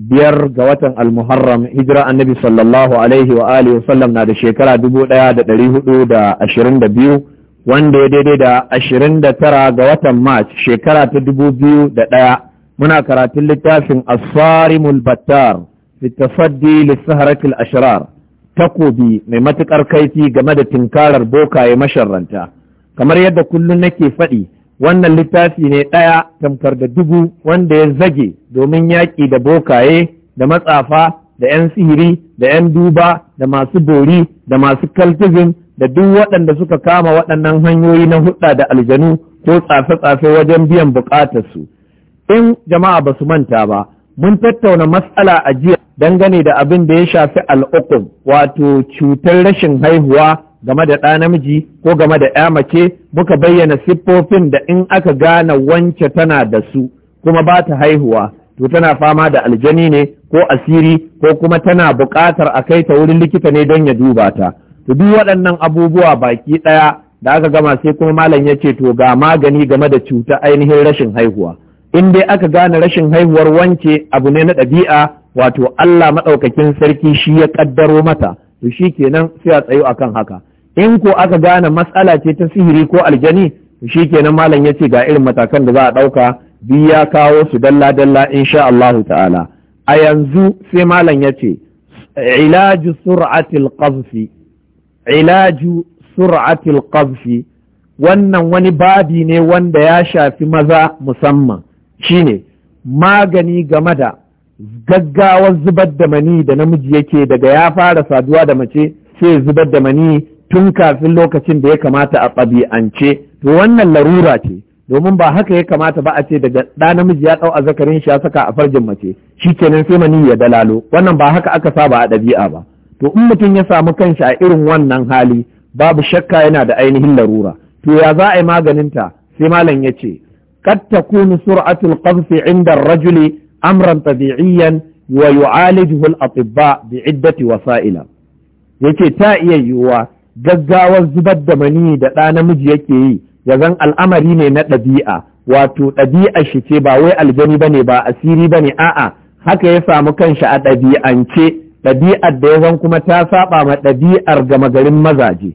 biyar ga watan almuharram hijira annabi sallallahu alaihi wa alihi sallam na da shekara dubu ɗaya da ɗari hudu da ashirin da biyu wanda ya daidai da ashirin da tara ga watan march shekara ta dubu biyu da ɗaya muna karatun littafin asfarimul battar fitafaddi lissaharakil ashirar takobi mai matuƙar kaifi game da tinkarar bokaye masharranta kamar yadda kullum nake faɗi wannan littafi ne ɗaya tamkar da dubu wanda ya zage domin yaƙi da bokaye da matsafa da 'yan sihiri da 'yan duba da masu bori da masu kaltizin da duk waɗanda suka kama waɗannan hanyoyi na hudda da aljanu ko tsafe-tsafe wajen biyan buƙatarsu in jama'a ba su manta ba mun tattauna matsala a jiya dangane da abin da ya shafi al'ukum wato cutar rashin haihuwa game da ɗa namiji ko game da ‘ya mace muka bayyana siffofin da in aka gane wance tana da su kuma ba ta haihuwa to tana fama da aljani ne ko asiri ko kuma tana buƙatar a kai ta wurin likita ne don ya duba ta to duk waɗannan abubuwa baki ɗaya da aka gama sai kuma malam ya ce to ga magani game da cuta ainihin rashin haihuwa in dai aka gane rashin haihuwar wance abu ne na ɗabi'a wato Allah maɗaukakin sarki shi ya ƙaddaro mata to shi kenan sai a tsayo akan haka in ko aka gane matsala ce ta sihiri ko aljani shi kenan malam ya ce ga irin matakan da za a ɗauka biyu ya kawo su dalla dalla insha Allah ta'ala a yanzu sai malam ya ce ilaju sur'atil qazfi ilaju sur'atil qazfi wannan wani babi ne wanda ya shafi maza musamman shine magani game da gaggawar zubar da mani da namiji yake daga ya fara saduwa da mace sai zubar da mani tun kafin lokacin da ya kamata a ɗabi'ance to wannan larura ce domin ba haka ya kamata ba a ce daga ɗa namiji ya ɗau azzakarin shi ya saka a farjin mace shi kenan sai mani ya dalalo wannan ba haka aka saba a ɗabi'a ba to in mutum ya samu kanshi a irin wannan hali babu shakka yana da ainihin larura to ya za a yi maganin ta sai malam ya ce قد تكون سرعة القذف عند الرجل أمرا طبيعيا ويعالجه الأطباء بعدة wasa'ila, yace ta iya yiwuwa gaggawar zubar da mani da ɗa namiji yake yi ya zan al'amari ne na ɗabi'a wato ɗabi'a shi ce ba wai aljani ba ne ba asiri ba ne a'a haka ya samu kanshi a ɗabi'ance ɗabi'ar da ya zan kuma ta saba ma ɗabi'ar gama garin mazaje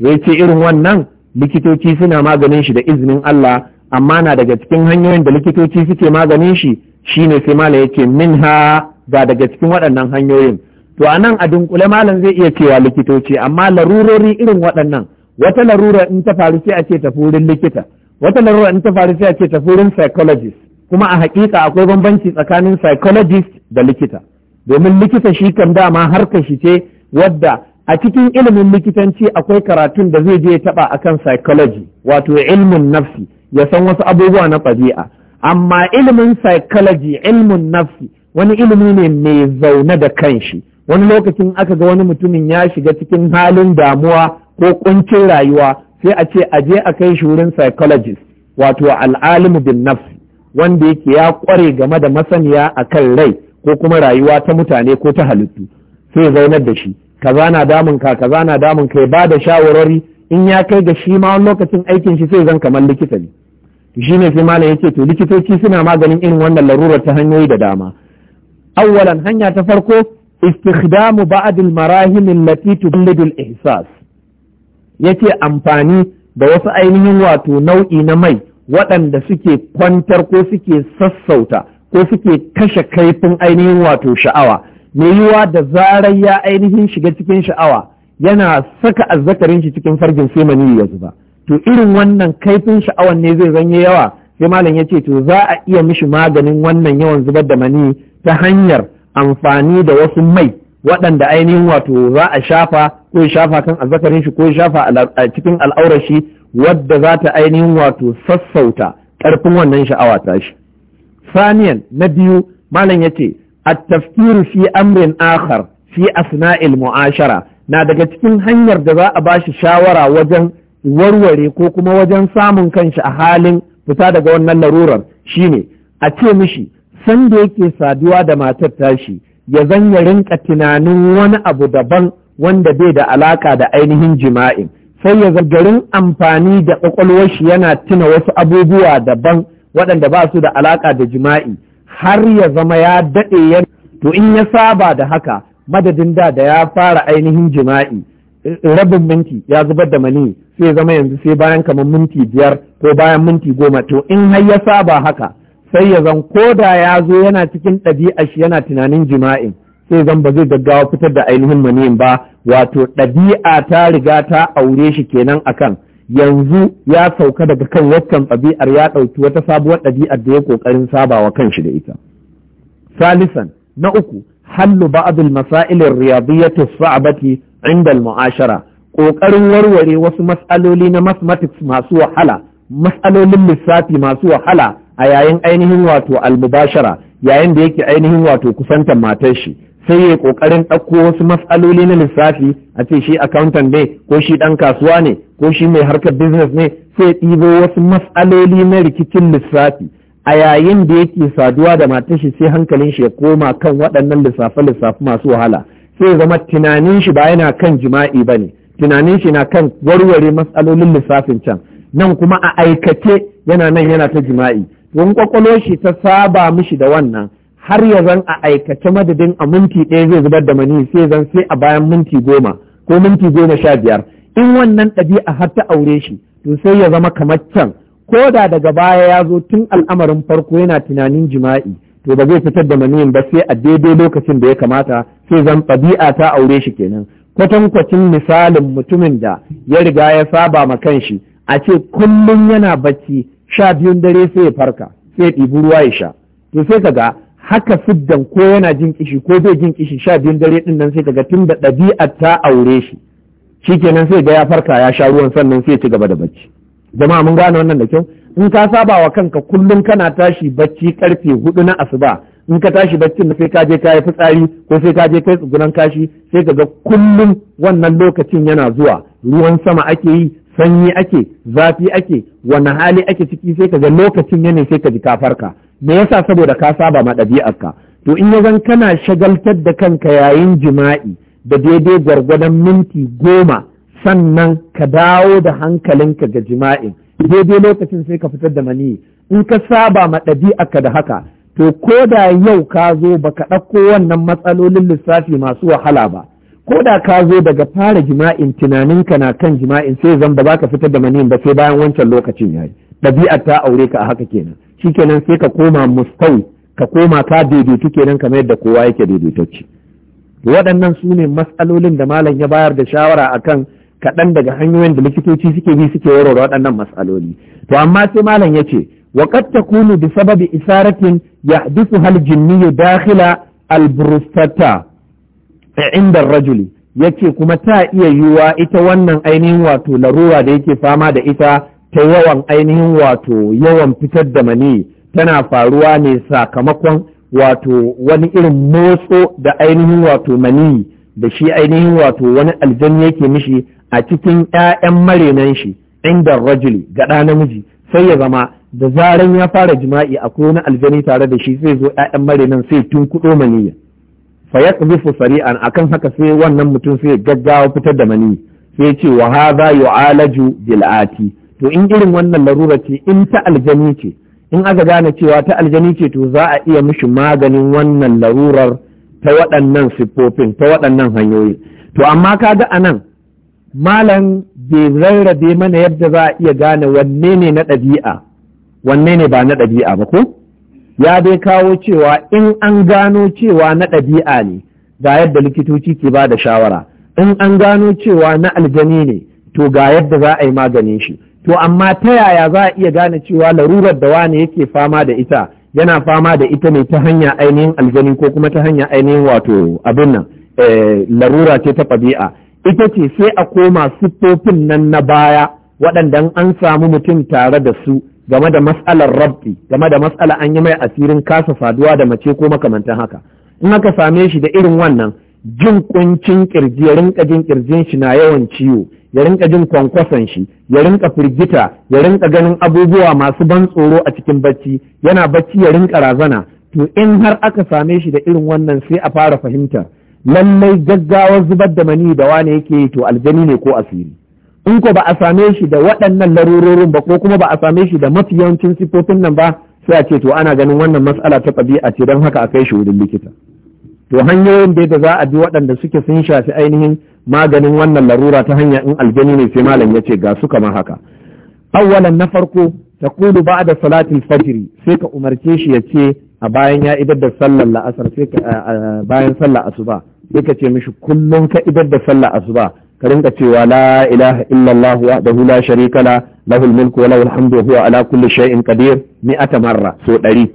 ya ce irin wannan likitoci suna maganin shi da izinin Allah amma na daga cikin hanyoyin da likitoci suke maganin shi shine sai mala yake min minha ga daga cikin waɗannan hanyoyin to a nan a dunkule malam zai iya cewa likitoci amma larurori irin waɗannan wata larura in ta faru sai a ce ta furin likita wata larura in ta faru sai a ce ta furin psychologist kuma a hakika akwai bambanci tsakanin psychologist da likita domin likita shi kan dama harkar shi ce wadda a cikin ilimin likitanci akwai karatun da zai je ya taba akan psychology wato ilmin nafsi ya san wasu abubuwa na ɗabi'a amma ilimin psychology ilmin nafsi wani ilimi ne mai zaune da kanshi wani lokacin aka ga wani mutumin ya shiga cikin halin damuwa ko kuncin rayuwa sai a ce a je a kai shi wurin psychologist wato al'alimu bin nafsi wanda yake ya kware game da masaniya akan rai ko kuma rayuwa ta mutane ko ta halittu sai zaunar da shi kaza na damun ka kaza na damun ka ya ba da shawarwari in ya kai ga shi ma wani lokacin aikin shi sai zan kamar likita ne shi ne sai malam yace to likitoci suna maganin irin wannan larurar ta hanyoyi da dama awwalan hanya ta farko istikhdamu ba'd al-marahim allati tuballidu al-ihsas yake amfani da wasu ainihin wato nau'i na mai waɗanda suke kwantar ko suke sassauta ko suke kashe kaifin ainihin wato sha'awa mai yiwa da zarar ya ainihin shiga cikin sha'awa yana saka azzakarin shi cikin farjin sai maniyi ya to irin wannan kaifin sha'awan ne zai zanye yawa sai malam ya ce to za a iya mishi maganin wannan yawan zubar da mani ta hanyar amfani da wasu mai waɗanda ainihin wato za a shafa ko ya shafa kan azzakarin shi ko ya shafa a cikin al'aurar shi wadda za ta ainihin wato sassauta ƙarfin wannan sha'awa ta shi saniyan na biyu malam ce, a tafkiru fi amrin akhar fi asna'il mu'ashara na daga cikin hanyar da za a bashi shawara wajen warware ko kuma wajen samun kanshi a halin fita daga wannan larurar shine a ce mishi da yake saduwa da matar tashi ya zan ya rinka tunanin wani abu daban wanda bai da alaka da ainihin jima'in sai ya garin amfani da ƙwaƙwalwar shi yana tuna wasu abubuwa daban waɗanda ba su da alaka da jima'i har ya zama ya daɗe ya to in ya saba da haka madadin da da ya fara ainihin jima'i rabin minti ya zubar da mani sai zama yanzu sai bayan kamar minti biyar ko bayan minti goma to in har ya saba haka sai ya zan koda ya zo yana cikin ɗabi'a shi yana tunanin jima'in sai zan ba zai gaggawa fitar da ainihin maniyin ba wato ɗabi'a ta riga ta aure shi kenan akan yanzu ya sauka daga kan waccan ɗabi'ar ya ɗauki wata sabuwar ɗabi'ar da ya ƙoƙarin sabawa kanshi da ita salisan na uku hallu ba'adul al-masail ya riyadiyyah as 'inda muashara ƙoƙarin warware wasu mas'aloli na mathematics masu wahala mas'alolin lissafi masu wahala a yayin ainihin wato almubashara yayin da yake ainihin wato kusantar matar shi sai ya kokarin ɗauko wasu matsaloli na lissafi a ce shi accountant ne ko shi ɗan kasuwa ne ko shi mai harkar business ne sai ɗibo wasu matsaloli na rikicin lissafi a yayin da yake saduwa da matar shi sai hankalin shi ya koma kan waɗannan lissafe lissafi masu wahala sai zama tunanin shi ba yana kan jima'i ba ne tunanin shi na kan warware matsalolin lissafin can nan kuma a aikace yana nan yana ta jima'i wani kwakwalo shi ta saba mishi da wannan har ya zan a aikace madadin a minti ɗaya zai zubar da mani sai zan sai a bayan minti goma ko minti goma sha biyar in wannan ɗabi'a har ta aure shi to sai ya zama kamar can ko da daga baya ya zo tun al'amarin farko yana tunanin jima'i to ba zai fitar da maniyin ba sai a daidai lokacin da ya kamata sai zan ɗabi'a ta aure shi kenan kwatankwacin misalin mutumin da ya riga ya saba ma kanshi a ce kullum yana bacci sha biyun dare sai ya farka sai ya ɗibi ruwa ya sha to sai kaga haka siddan ko yana jin kishi ko bai jin kishi sha biyun dare din nan sai kaga tun da ɗabi'ar ta aure shi shikenan sai ga ya farka ya sha ruwan sannan sai ya ci gaba da bacci jama'a mun gane wannan da kyau in ka saba wa kanka kullum kana tashi bacci karfe hudu na asuba in ka tashi baccin sai ka je ka yi fitsari ko sai ka je kai tsugunan kashi sai ka ga kullum wannan lokacin yana zuwa ruwan sama ake yi sanyi ake zafi ake wani hali ake ciki sai ka ga lokacin yanayi sai ka ji kafarka, me yasa saboda ka saba ma ɗabi'arka to in ya zan kana shagaltar da kanka yayin jima'i da daidai gwargwadon minti goma sannan ka dawo da hankalinka ga jima'in daidai lokacin sai ka fitar da maniyi in ka saba ma ɗabi'arka da haka to ko da yau ka zo baka ɗauko wannan matsalolin lissafi masu wahala ba ko da ka zo daga fara jima'in tunaninka na kan jima'in sai zan ba ka fitar da maniyin ba sai bayan wancan lokacin yayi ɗabi'ar ta aure ka a haka kenan Shi kenan sai ka koma mustau ka koma ka daidaitu kenan kamar da kowa yake daidaitacce waɗannan su ne matsalolin da malam ya bayar da shawara akan kaɗan daga hanyoyin da likitoci suke bi suke warware waɗannan matsaloli to amma sai malam ya ce wa qad takunu bi sababi isaratin yahdithu hal jinniyyu dakhila al inda rajuli yake kuma ta iya yiwuwa ita wannan ainihin wato larura da yake fama da ita ta yawan ainihin wato yawan fitar da mani tana faruwa ne sakamakon wato wani irin motso da ainihin wato mani da shi ainihin wato wani aljan yake mishi a cikin 'ya'yan marenan shi inda rajuli ga ɗa namiji sai ya zama da zaran ya fara jima'i akwai wani aljani tare da shi zai zo 'ya'yan marenan sai tun kuɗo maniyya fa yaqdhifu sari'an akan haka sai wannan mutum sai gaggawa fitar da mani sai ce wa hadha yu'alaju bil'ati to in irin wannan larura ce in ta aljani ce in aka gane cewa ta aljani ce to za a iya mishi maganin wannan larurar ta waɗannan siffofin ta waɗannan hanyoyi to amma kaga anan malam bai rarrabe mana yadda za a iya gane wanne ne na ɗabi'a wanne ne ba na ɗabi'a ba ko ya dai kawo cewa in an gano cewa na ɗabi'a ne ga yadda likitoci ke ba da shawara in an gano cewa na aljani ne to ga yadda za a yi maganin shi to amma ta yaya za a iya gane cewa larurar da wane yake fama da ita yana fama da ita ne ta hanya ainihin aljani ko kuma ta hanya ainihin wato abin nan eh, larura ce ta ɗabi'a ita ce sai a koma siffofin nan na baya waɗanda an samu mutum tare da su game da matsalar rabbi game da mas'ala an yi mai asirin kasa saduwa da mace ko makamantan haka in aka same shi da irin wannan jin kuncin kirji ya rinka jin kirjin shi na yawan ciwo ya rinƙa jin kwankwason shi ya rinka firgita ya rinƙa ganin abubuwa masu ban tsoro a cikin bacci yana bacci ya rinka razana to in har aka same shi da irin wannan sai a fara fahimtar lallai gaggawar zubar da mani da wane yake yi to aljani ne ko asiri in ko ba a same shi da waɗannan larurorin ba ko kuma ba a same shi da mafi yawancin sifofin nan ba sai a ce to ana ganin wannan matsala ta ɗabi'a ce don haka a kai shi wurin likita to hanyoyin da da za a bi waɗanda suke sun shafi ainihin maganin wannan larura ta hanya in aljani ne sai malam ya ce ga su kamar haka awwalan na farko ba da Salatin fajr sai ka umarce shi ya ce a bayan ya idar da sallar la'asar sai ka bayan sallar asuba sai ka ce mishi kullum ka idar da sallar asuba ka rinka cewa la ilaha illallah dahu, la sharika la lahul mulku wa lahul hamdu wa huwa ala kulli shay'in qadir mi'ata marra so ɗari.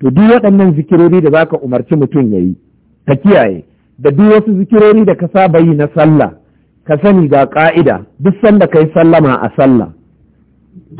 to duk waɗannan zikirori da zaka umarci mutum yayi ka kiyaye da duk wasu zikirori da ka saba yi na sallah ka sani ga ka'ida duk sanda kai sallama a sallah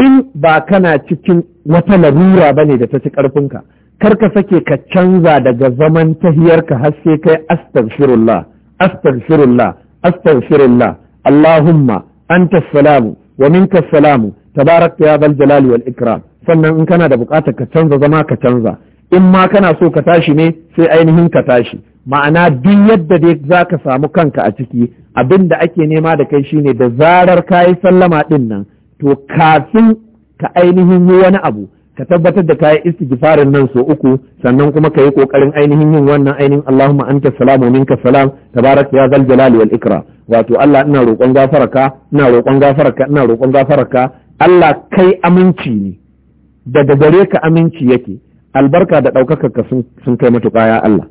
in ba kana cikin wata larura bane da ta ci karfinka kar ka sake ka canza daga zaman tahiyarka har sai kai astaghfirullah astaghfirullah astaghfirullah allahumma anta salamu wa salamu tabarakta ya bal jalali wal ikram sannan in kana da bukatar ka canza zama ka canza in ma kana so ka tashi ne sai ainihin ka tashi ma'ana duk yadda dai za ka samu kanka a ciki abin da ake nema da kai shine da zarar ka yi sallama ɗin nan to kafin ka ainihin yi wani abu ka tabbatar da kayi istighfarin nan so uku sannan kuma ka yi kokarin ainihin yin wannan ainihin Allahumma anta salamu minka salam tabarak ya zal jalali wal ikra wato Allah ina roƙon gafaraka ina roƙon gafaraka ina roƙon gafaraka Allah kai aminci ne daga gare ka aminci yake albarka da ɗaukaka ka sun kai matuƙa ya Allah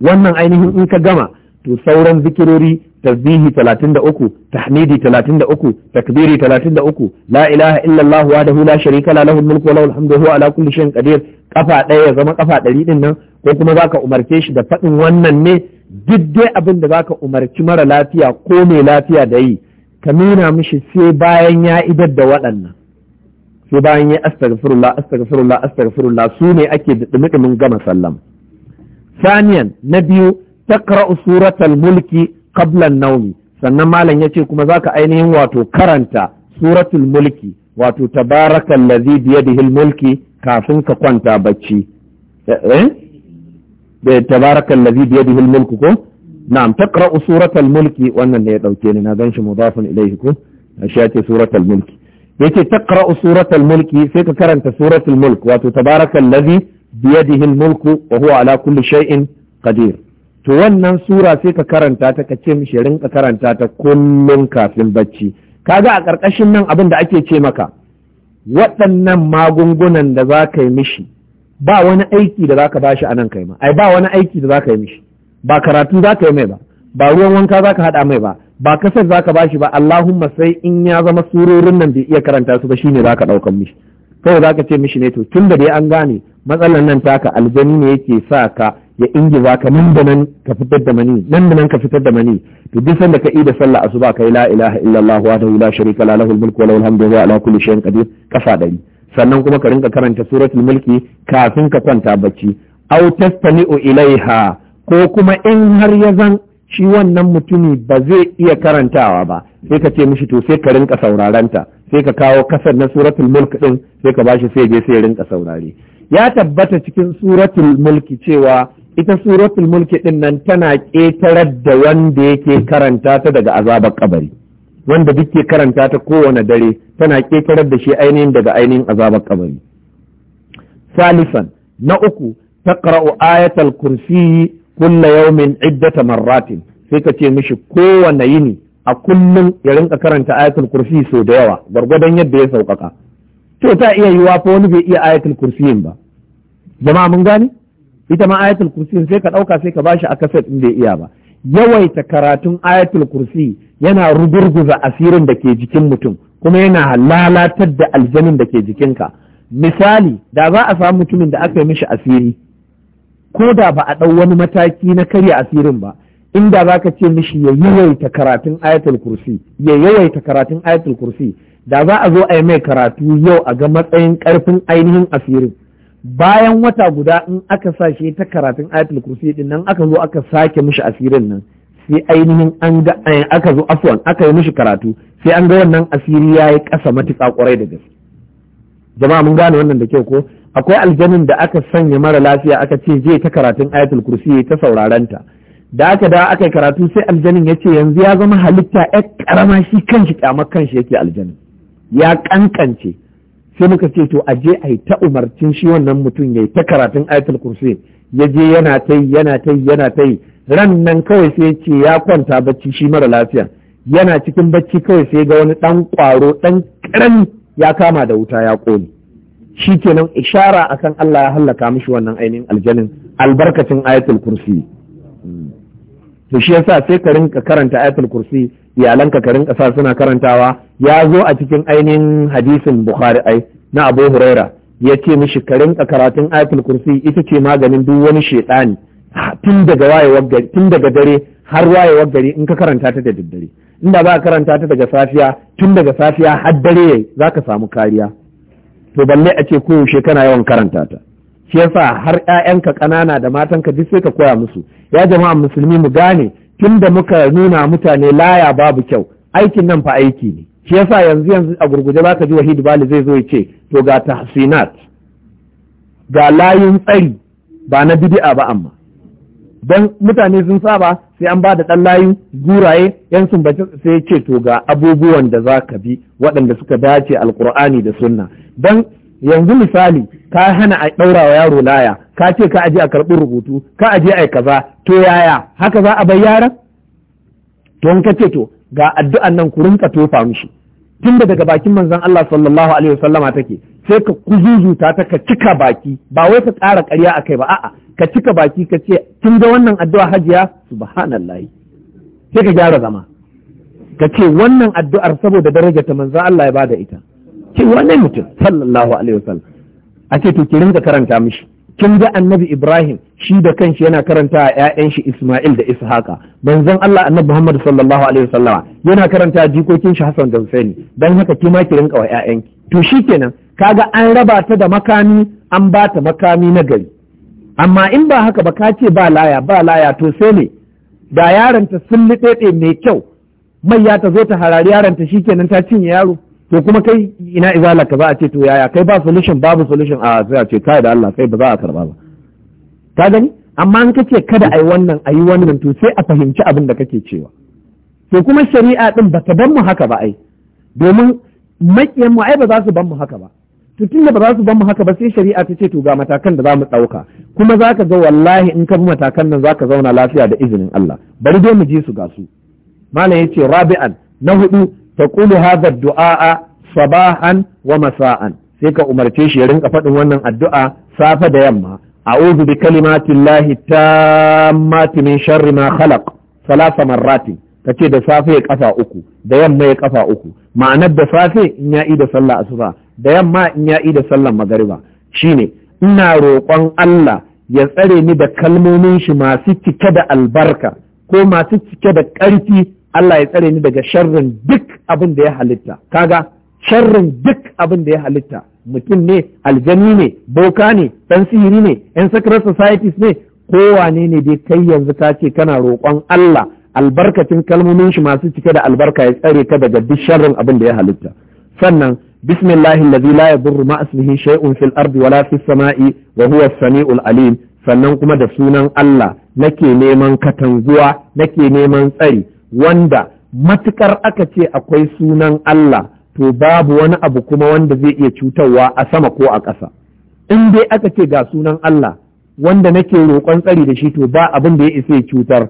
wannan ainihin in ka gama to sauran zikirori tasbihi 33 tahmidi 33 takbiri 33 la ilaha illallahu wahdahu la sharika kala lahul mulku wa lahul hamdu huwa ala kulli shay'in qadir kafa ɗaya ya zama kafa ɗari din nan ko kuma zaka umarce shi da faɗin wannan ne duk dai abin da zaka umarci mara lafiya ko mai lafiya da yi ka nuna mishi sai bayan ya idar da waɗannan sai bayan ya astaghfirullah astaghfirullah astaghfirullah su ne ake da dumi gama sallam saniyan na biyu taqra'u suratal mulki qabla an sannan malam yace kuma zaka ainihin wato karanta suratul mulki wato tabarakal ladhi bi yadihi mulki kafin ka kwanta bacci eh, eh? da tabarakal ladhi bi yadihi mulku ko na'am taqra'u suratal mulki wannan ne ya dauke ni na ganshi mudafun ilayhi ko shi yace suratul mulki yace taqra'u suratul mulki sai ka karanta suratul mulk wato tabarakal ladhi bi yadihi mulku wa huwa ala kulli shay'in qadir to wannan sura sai ka karanta ta ka ce mishi rinka karanta ta kullum kafin bacci kaga a ƙarƙashin nan abin da ake ce maka waɗannan magungunan da za ka yi mishi ba wani aiki da za ka bashi a nan kai ma ai ba wani aiki da za ka yi mishi ba karatu za ka yi mai ba ba ruwan wanka za ka haɗa mai ba ba kasar za ka bashi ba Allahumma sai in ya zama surorin nan bai iya karanta su ba shine za ka ɗaukan mishi kawai za ka ce mishi ne to tun da dai an gane matsalar nan taka aljani ne yake sa ka ya ingiza ka nan da nan ka fitar da mani nan da nan ka fitar da mani to duk sanda ka ida sallah asuba kai la ilaha illallah wa la sharika la lahul mulku wa lahul hamdu wa ala kulli shay'in qadir kafa dari sannan kuma ka rinka karanta suratul mulki kafin ka kwanta bacci aw tastami'u ilaiha ko kuma in har ya zan shi wannan mutumi ba zai iya karantawa ba sai ka ce mishi to sai ka rinka ta sai ka kawo kasar na suratul mulk din sai ka bashi sai je sai rinka saurare ya tabbata cikin suratul mulki cewa ita suratul mulki din nan tana ƙetarar da wanda yake karanta ta daga azabar kabari wanda duk ke karanta ta kowane dare tana ƙetarar da shi ainihin daga ainihin azabar kabari salisan na uku taqra'u ayatal kursi kulla yawmin iddata marratin sai ka ce mishi kowane yini a kullum ya rinka karanta ayatul kursi sau da yawa gwargwadon yadda ya sauƙaƙa to ta iya yiwa fa wani bai iya ayatul kursiyin ba jama'a mun gane ita ma ayatul kursi sai ka ɗauka sai ka bashi a kaset in bai iya ba yawaita karatun ayatul kursi yana rugurguza asirin da ke jikin mutum kuma yana lalatar da aljanin da ke jikinka misali da za a samu mutumin da aka yi mishi asiri ko da ba a ɗau wani mataki na karya asirin ba inda za ka ce mishi ya yawaita karatun ayatul kursi ya yawaita karatun ayatul kursi da za a zo a yi mai karatu yau a ga matsayin karfin ainihin asirin bayan wata guda in aka sa shi ta karatun ayatul kursi din nan aka zo aka sake mishi asirin nan sai ainihin an ga eh, aka zo afwan aka yi mishi karatu sai an ga wannan asiri yayi kasa matuƙa kwarai da gaske jama'a mun gane wannan da kyau ko akwai aljanin da aka sanya mara lafiya aka ce je ta karatun ayatul kursi ta ta? da aka da aka yi karatu sai aljanin ya ce yanzu ya zama halitta ya karama shi kanshi kyamar kanshi yake aljanin ya ƙanƙance. sai muka ce to a je a yi ta umarcin shi wannan mutum ya yi ta karatun ayatul kursi ya je yana ta yi yana ta yi yana ta yi ran nan kawai sai ce ya kwanta bacci shi mara lafiya yana cikin bacci kawai sai ga wani ɗan ƙwaro ɗan ƙarami ya kama da wuta ya ƙone shi kenan ishara akan Allah ya hallaka mishi wannan ainihin aljanin albarkacin ayatul kursi hmm. to shi yasa sai ka rinka karanta ayatul kursi iyalan ka rinka sa suna karantawa ya zo a cikin ainihin hadisin bukhari ai na abu huraira ya ce mishi ka rinka karatun ayatul kursi ita ce maganin duk wani shaidani tun daga wayewar gari tun daga dare har wayewar gari in ka karanta ta da daddare inda ba ka karanta ta daga safiya tun daga safiya har dare yayi za ka samu kariya to balle a ce koyaushe kana yawan karanta ta shi yasa har ƴaƴanka ƙanana da matanka duk sai ka koya musu ya jama'a musulmi mu gane tun da muka nuna mutane laya babu kyau aikin nan fa aiki ne shi yasa yanzu yanzu a gurguje za ka ji wahid bali zai zo ya ce to ga tahsinat ga layin tsari ba na bid'a ba amma dan mutane sun saba sai an ba da ɗan layi guraye yan bace sai ce to ga abubuwan da za ka bi waɗanda suka dace alkur'ani da sunna dan yanzu misali ka hana a ɗaura wa yaro laya ka ce ka aje a karɓi rubutu ka aje a kaza to yaya haka za a bayyana? yaran to in ka ce to ga addu'an nan ku rinka tofa mishi tun daga bakin manzon Allah sallallahu alaihi wasallama take sai ka kuzuzuta ta ka cika baki ba wai ka ƙara ƙarya kai ba a'a ka cika baki ka ce kin ga wannan addu'a hajiya subhanallahi sai ka gyara zama ka ce wannan addu'ar saboda darajar ta manzon Allah ya bada ita ce wannan mutum sallallahu alaihi wasallam ake to ki rinka karanta mishi kin ga annabi Ibrahim shi da kanshi yana karanta wa ƴaƴan shi Isma'il da Ishaqa banzan Allah annabi Muhammad sallallahu alaihi wasallama yana karanta jikokin shi Hassan da Husaini dan haka kima ki rinka wa ƴaƴan to shikenan kaga an raba ta da makami an ba ta makami na gari amma in ba haka ba ka ce ba laya ba laya to sai ne da yaranta sun liɗeɗe mai kyau mai ya ta zo ta harari yaronta shikenan ta cinye yaro to kuma kai ina izala ka za a ce to yaya kai ba solution babu solution a sai a ce kai da Allah kai ba za a karba ba ka gani amma in kace kada ai wannan ayi wannan to sai a fahimci abin da kake cewa to kuma shari'a din ba ta ban mu haka ba ai domin makiyan mu ai ba za su ban mu haka ba to tunda ba za su ban mu haka ba sai shari'a ta ce to ga matakan da za mu ɗauka kuma za ka ga wallahi in ka bi matakan nan za ka zauna lafiya da izinin Allah bari dai mu ji su ga su malam yace ce rabi'an na hudu taqulu hadha du'a sabahan wa masa'an sai ka umarce shi ya rinka faɗin wannan addu'a safe da yamma a'udhu bi kalimatillahi tammati min sharri ma khalaq salasa marratin kace da safe ya kafa uku da yamma ya kafa uku ma'anar da safe in ya da sallah asuba da yamma in ya da sallah magariba shine ina roƙon Allah ya tsare ni da kalmomin shi masu cike da albarka ko masu cike da ƙarfi Allah ya tsare ni daga sharrin duk abin da ya halitta kaga sharrin duk abin da ya halitta mutum ne aljanni ne boka ne dan sihiri ne yan secret societies ne kowane ne dai kai yanzu ka ce kana roƙon Allah albarkacin kalmomin shi masu cike da albarka ya tsare ka daga duk sharrin abin da ya halitta sannan bismillahi allazi la yadurru ma ismihi shay'un fil ardi wala fis sama'i wa huwa as-sami'ul alim sannan kuma da sunan Allah nake neman katanguwa nake neman tsari wanda matukar aka ce akwai sunan Allah to babu wani abu kuma wanda zai iya cutarwa a sama ko a ƙasa in dai aka ce ga sunan Allah wanda nake roƙon tsari da shi to ba abin da ya isa cutar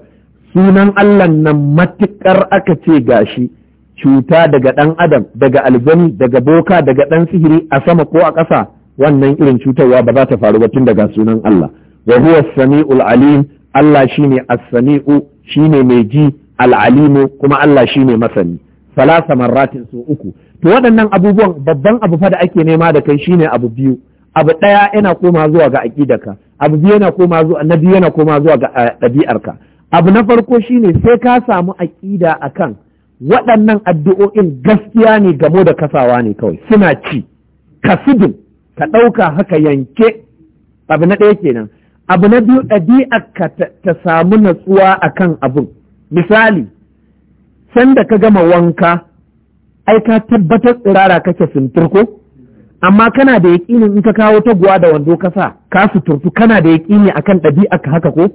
sunan Allah nan matukar aka ce ga shi cuta daga ɗan adam daga aljani daga boka daga ɗan sihiri a sama ko a ƙasa wannan irin cutarwa ba za ta faru ba tun daga sunan Allah wa huwa sami'ul alim Allah shine as-sami'u shine mai ji al'alimu kuma Allah shi ne masani salasa marratin su uku to waɗannan abubuwan babban abu fa da ake nema da kai shine abu biyu abu ɗaya yana koma zuwa ga aƙidaka, abu biyu yana koma zuwa na biyu yana koma zuwa ga eh, ɗabi'arka abu na farko shine sai ka samu aƙida akan waɗannan addu'o'in gaskiya ne gamo da kasawa ne kawai suna ci Ka kasudin ka ɗauka haka yanke abu na ɗaya kenan abu na biyu ɗabi'arka ta samu natsuwa akan abun misali sanda ka gama wanka ai ka tabbatar tsirara kake sunturko ko amma kana da yaƙini in ka kawo taguwa da wando ka sa ka suturtu kana da yaƙini akan ɗabi'a haka ko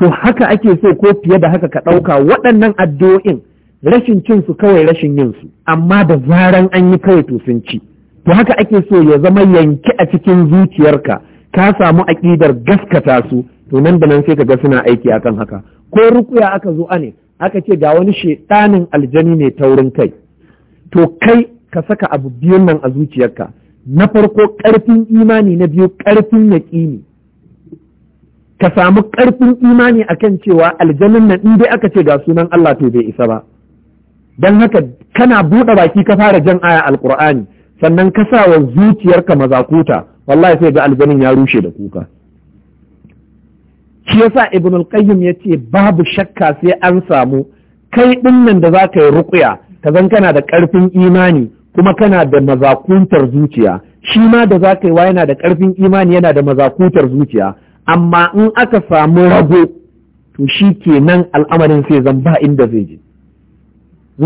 to haka ake so ko fiye da haka ka ɗauka waɗannan addu'o'in rashin cin su kawai rashin yin su amma da zaran an yi kawai to sun ci to haka ake so ya zama yanke a cikin zuciyarka ka samu aƙidar gaskata su to nan da nan sai ka ga suna aiki akan haka ko rukuya aka zo ane aka ce ga wani shedanin aljani ne taurin kai to kai ka saka abu biyun nan a zuciyarka na farko ƙarfin imani na biyu ƙarfin yaƙini ka samu karfin imani akan cewa aljanin nan in dai aka ce ga sunan Allah to bai isa ba dan haka kana buɗe baki ka fara jan aya alƙur'ani sannan ka sa wa zuciyarka mazakuta wallahi sai ga aljanin ya rushe da kuka shi yasa ibn al-qayyim yace babu shakka sai an samu kai dinnan da zaka yi ruqya ka zan kana da karfin imani kuma kana da mazakuntar zuciya shi ma da zaka yi wa yana da karfin imani yana da mazakuntar zuciya amma in aka samu rago to shi kenan al'amarin sai zan ba inda zai je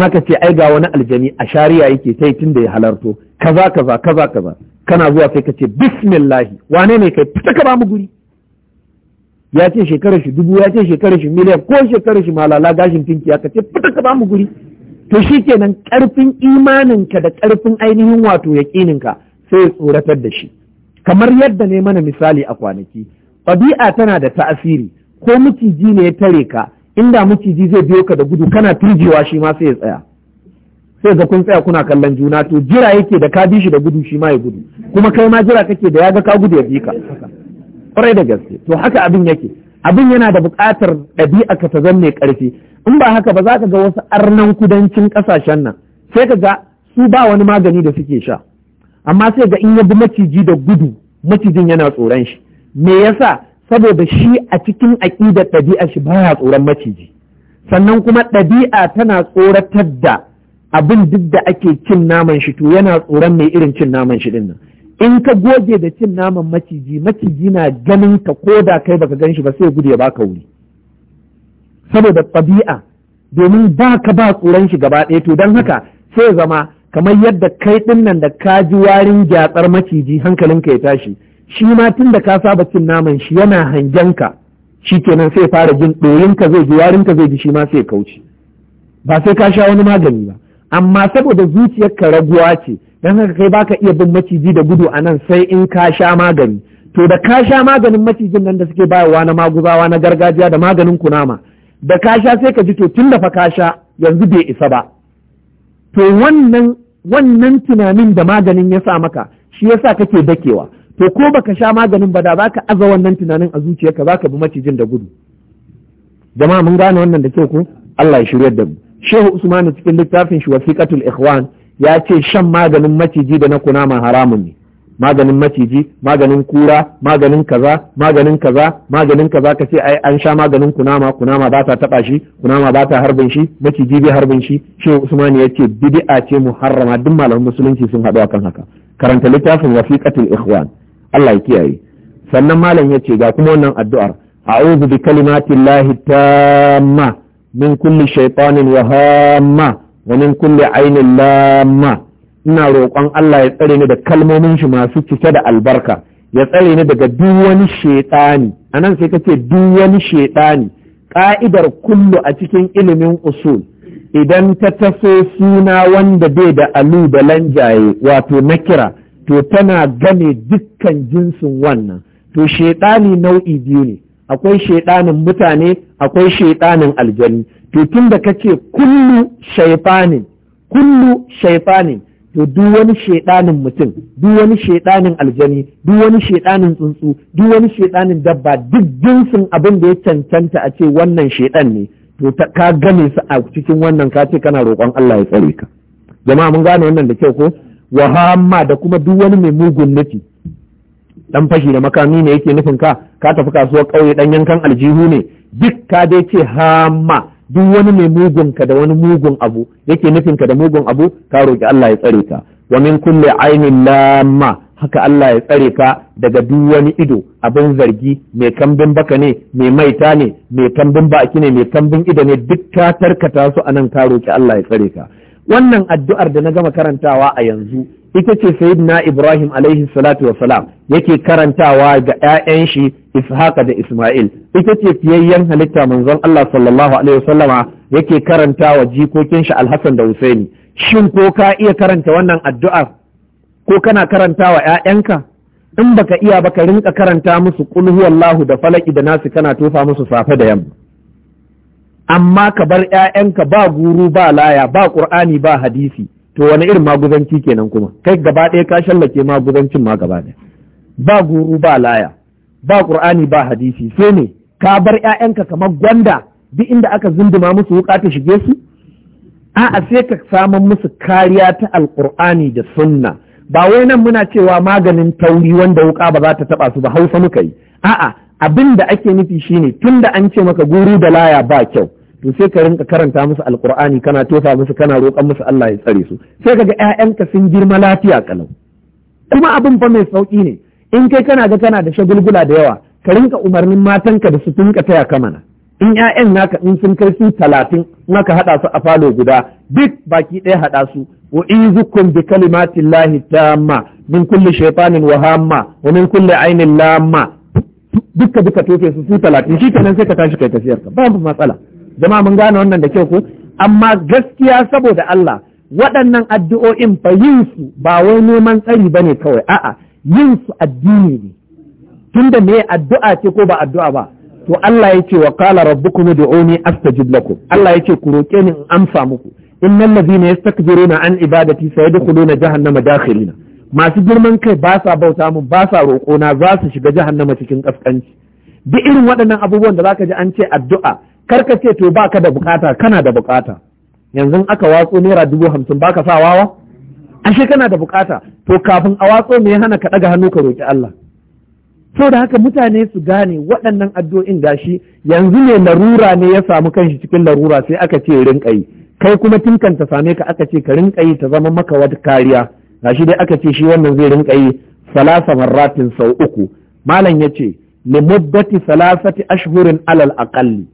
naka ce ai ga wani aljani a shari'a yake sai tunda ya halarto kaza kaza kaza kaza kana zuwa sai ka ce bismillahi wane ne kai fita ka bamu guri ya ce shekarar shi dubu ya ce shekarar shi miliyan ko shekarar shi malala gashin tinki ya kace fita ka bamu guri to shi kenan karfin imaninka da karfin ainihin wato yaƙininka sai tsoratar da shi kamar yadda ne mana misali a kwanaki ɗabi'a tana da ta'asiri ko miciji ne ya tare ka inda miciji zai biyo ka da gudu kana turjewa shi ma sai ya tsaya sai ga kun tsaya kuna kallon juna to jira yake da ka bi shi da gudu shi ma ya gudu kuma kai ma jira kake da ya ga ka gudu ya bi ka kwarai da gaske to haka abin yake abin yana da buƙatar ɗabi'a ka ta zanne ƙarfi in ba haka ba za ka ga wasu arnan kudancin ƙasashen nan sai ka ga su ba wani magani da suke sha amma sai ga in ya bi maciji da gudu macijin yana tsoron shi me yasa saboda shi a cikin aƙidar ɗabi'a shi baya tsoron maciji sannan kuma ɗabi'a tana tsoratar da abin duk da ake cin naman shi to yana tsoron mai irin cin naman shi ɗin nan in ka goge da cin naman maciji maciji na ganin ka ko da kai baka gan shi ba sai gudu ya ka wuri saboda ɗabi'a domin ba ka ba tsoron shi gaba ɗaya to don haka sai zama kamar yadda kai ɗin nan da ka ji warin gyatsar maciji hankalin ka ya tashi shi ma tun da ka saba cin naman shi yana hangen ka shi kenan sai fara jin ka zai ji warinka zai ji shi ma sai kauce ba sai ka sha wani magani ba amma saboda zuciyarka raguwa ce dan haka kai baka iya bin maciji da gudu a nan sai in ka sha magani to da ka sha maganin macijin nan da suke bayarwa na maguzawa na gargajiya da maganin kunama da ka sha sai ka ji to tun da fa ka sha yanzu bai isa ba to wannan wannan tunanin da maganin ya sa maka shi yasa kake dakewa to ko baka sha maganin ba da zaka aza wannan tunanin a zuciyarka zaka bi macijin da gudu jama'a mun gane wannan da kyau ko Allah ya shiryar da mu Shehu Usman cikin littafin shi Wasiqatul Ikhwan ya ce shan maganin maciji da na kunama haramun ne maganin maciji maganin kura maganin kaza maganin kaza maganin kaza ka ce ai an sha maganin kunama kunama ba ta taba shi kunama ba ta harbin shi maciji bai harbin shi Shin usmani ya ce bid'a ce muharrama duk malaman musulunci sun haɗu akan haka karanta littafin rafiqatul ikhwan Allah ya kiyaye sannan malam ya ce ga kuma wannan addu'ar a'udhu bi kalimatillahi tamma min kulli shaytanin wa wa min kulli ainin lamma ina roƙon Allah ya tsare ni da kalmomin shi masu cike da albarka ya tsare ni daga duk wani shaiɗani anan sai kace duk wani shaiɗani ka'idar kullu a cikin ilimin usul idan ta taso suna wanda bai da alu da lanjaye wato nakira to tana gane dukkan jinsin wannan to shaiɗani nau'i biyu ne akwai shaiɗanin mutane akwai shaiɗanin aljani to tun da kace kullu shaifanin kullu shaifanin to duk wani shaidanin mutum duk wani shaidanin aljani duk wani shaidanin tsuntsu duk wani shaidanin dabba duk jinsin abin da ya cancanta a ce wannan shaidan ne to ka gane su a cikin wannan ka ce kana roƙon Allah ya tsare ka jama'a mun gane wannan da kyau ko wa hamma da kuma duk wani mai mugun nufi dan fashi da makami ne yake nufin ka ka tafi kasuwar ƙauye dan yankan aljihu ne duk ka dai ce hamma duk wani mai mugun ka da wani mugun abu yake nufin ka da mugun abu ka roki Allah ya tsare ka wa min kulli ainin lamma haka Allah ya tsare ka daga duk wani ido abin zargi mai kambin baka ne mai maita ne mai kambin baki ne mai kambin ido ne duk ka tarkata su anan ka roki Allah ya tsare ka wannan addu'ar da na gama karantawa a yanzu ita ce sayyidina Ibrahim alaihi salatu wa salam yake karantawa ga 'ya'yan shi ishaqa da isma'il ita ce fiyayyen halitta manzon Allah sallallahu alaihi wasallama yake karanta wa jikokin shi alhassan da husaini shin ko ka iya karanta wannan addu'a ko kana karanta wa ƴaƴanka in baka iya ba ka rinka karanta musu qul huwallahu da falaki da nasu kana tofa musu safe da yamma amma ka bar ƴaƴanka ba guru ba laya ba qur'ani ba hadisi to wani irin maguzanci kenan kuma kai gaba ɗaya ka shallake maguzancin ma gaba ɗaya ba guru ba laya ba ƙur'ani ba hadisi sai ne ka bar ƴaƴanka kamar gwanda duk inda aka zunduma musu wuƙa ta shige su a'a sai ka samun musu kariya ta alƙur'ani da sunna ba wai nan muna cewa maganin tauri wanda wuƙa ba za ta taba su ba hausa muka yi a'a abin da ake nufi shine tunda an ce maka guru da laya ba kyau to sai ka rinka karanta musu alkur'ani kana tofa musu kana roƙon musu Allah ya tsare su sai kaga ƴaƴanka sun girma lafiya kalau kuma abin fa mai sauki ne in kai kana ga kana da shagulgula da yawa ka rinka umarnin matanka da su rinka taya ka mana in 'ya'yan naka in sun kai su talatin ka haɗa su a falo guda duk baki ɗaya haɗa su wa izukum bi kalimatillahi tamma min kulli shaytanin wa hamma wa min kulli ainin lamma dukka duka toke su su talatin shi kenan sai ka tashi kai tafiyar ka babu matsala Zama mun gane wannan da kyau ko amma gaskiya saboda Allah waɗannan addu'o'in fa yin su ba wai neman tsari ba ne kawai a'a yin su addini ne tunda me addu'a ce ko ba addu'a ba to Allah ya ce wa qala rabbukum ud'uni astajib lakum Allah ya ce ku roke ni in amsa muku In innal ladhina na an ibadati sayadkhuluna jahannama dakhilina masu girman kai ba sa bauta mun ba sa roƙo na za su shiga jahannama cikin kaskanci duk irin waɗannan abubuwan da zaka ji an ce addu'a Kar ka ce to baka da bukata kana da bukata yanzu aka watso naira dubu hamsin baka sa wawa ashe kana da bukata to kafin a watso me hana ka ɗaga hannu ka roƙi Allah To da haka mutane su gane waɗannan addu'o'in gashi yanzu ne larura ne ya samu kanshi cikin larura sai aka ce rinka yi kai kuma tinkan ta same ka aka ce ka rinka yi ta zama maka wata kariya gashi dai aka ce shi wannan zai rinka yi salasa marratin sau uku malam ya ce limuddati salasati ashhurin alal aƙalli.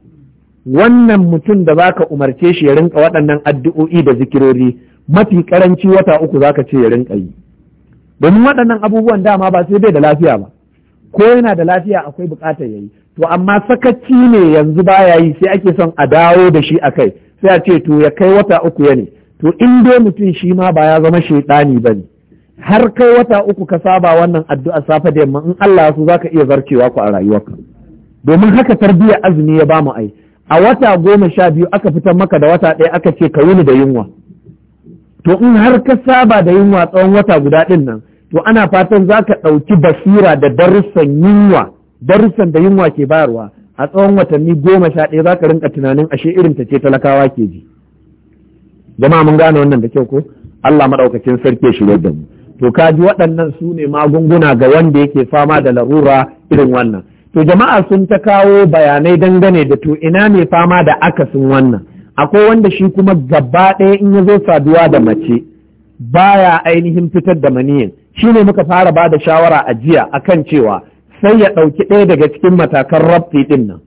wannan mutum da zaka umarce shi ya rinka waɗannan addu'o'i da zikirori mafi karanci wata uku zaka ce ya rinka yi domin waɗannan abubuwan dama ba sai bai da lafiya ba ko yana da lafiya akwai buƙatar yi. to amma sakaci ne yanzu baya yi sai ake son a dawo da shi a kai sai a ce to ya kai wata uku ya ne to in dai mutum shi ma ba ya zama shaiɗani ba ne har kai wata uku ka saba wannan addu'a safe da yamma in Allah su so zaka iya zarcewa ku a rayuwarka domin haka tarbiyyar azumi ya bamu ai a wata goma sha biyu aka fitar maka da wata ɗaya aka ce ka ni da yunwa to in har ka saba da yunwa tsawon wata guda ɗin nan to ana fatan za ka ɗauki basira da darussan yunwa darussan da yunwa ke bayarwa a tsawon watanni goma sha ɗaya za ka rinka tunanin ashe irin ta ce talakawa ke ji Gama mun gane wannan da kyau ko Allah maɗaukacin sarki ya shigar da mu to ka ji waɗannan su ne magunguna ga wanda yake fama da larura irin wannan to jama'a sun ta kawo bayanai dangane da to ina ne fama da akasin wannan akwai wanda shi kuma gaba ɗaya in ya zo saduwa da mace baya ainihin fitar da maniyin shi ne muka fara ba da shawara a jiya akan cewa sai ya ɗauki ɗaya daga cikin matakan rabti ɗin nan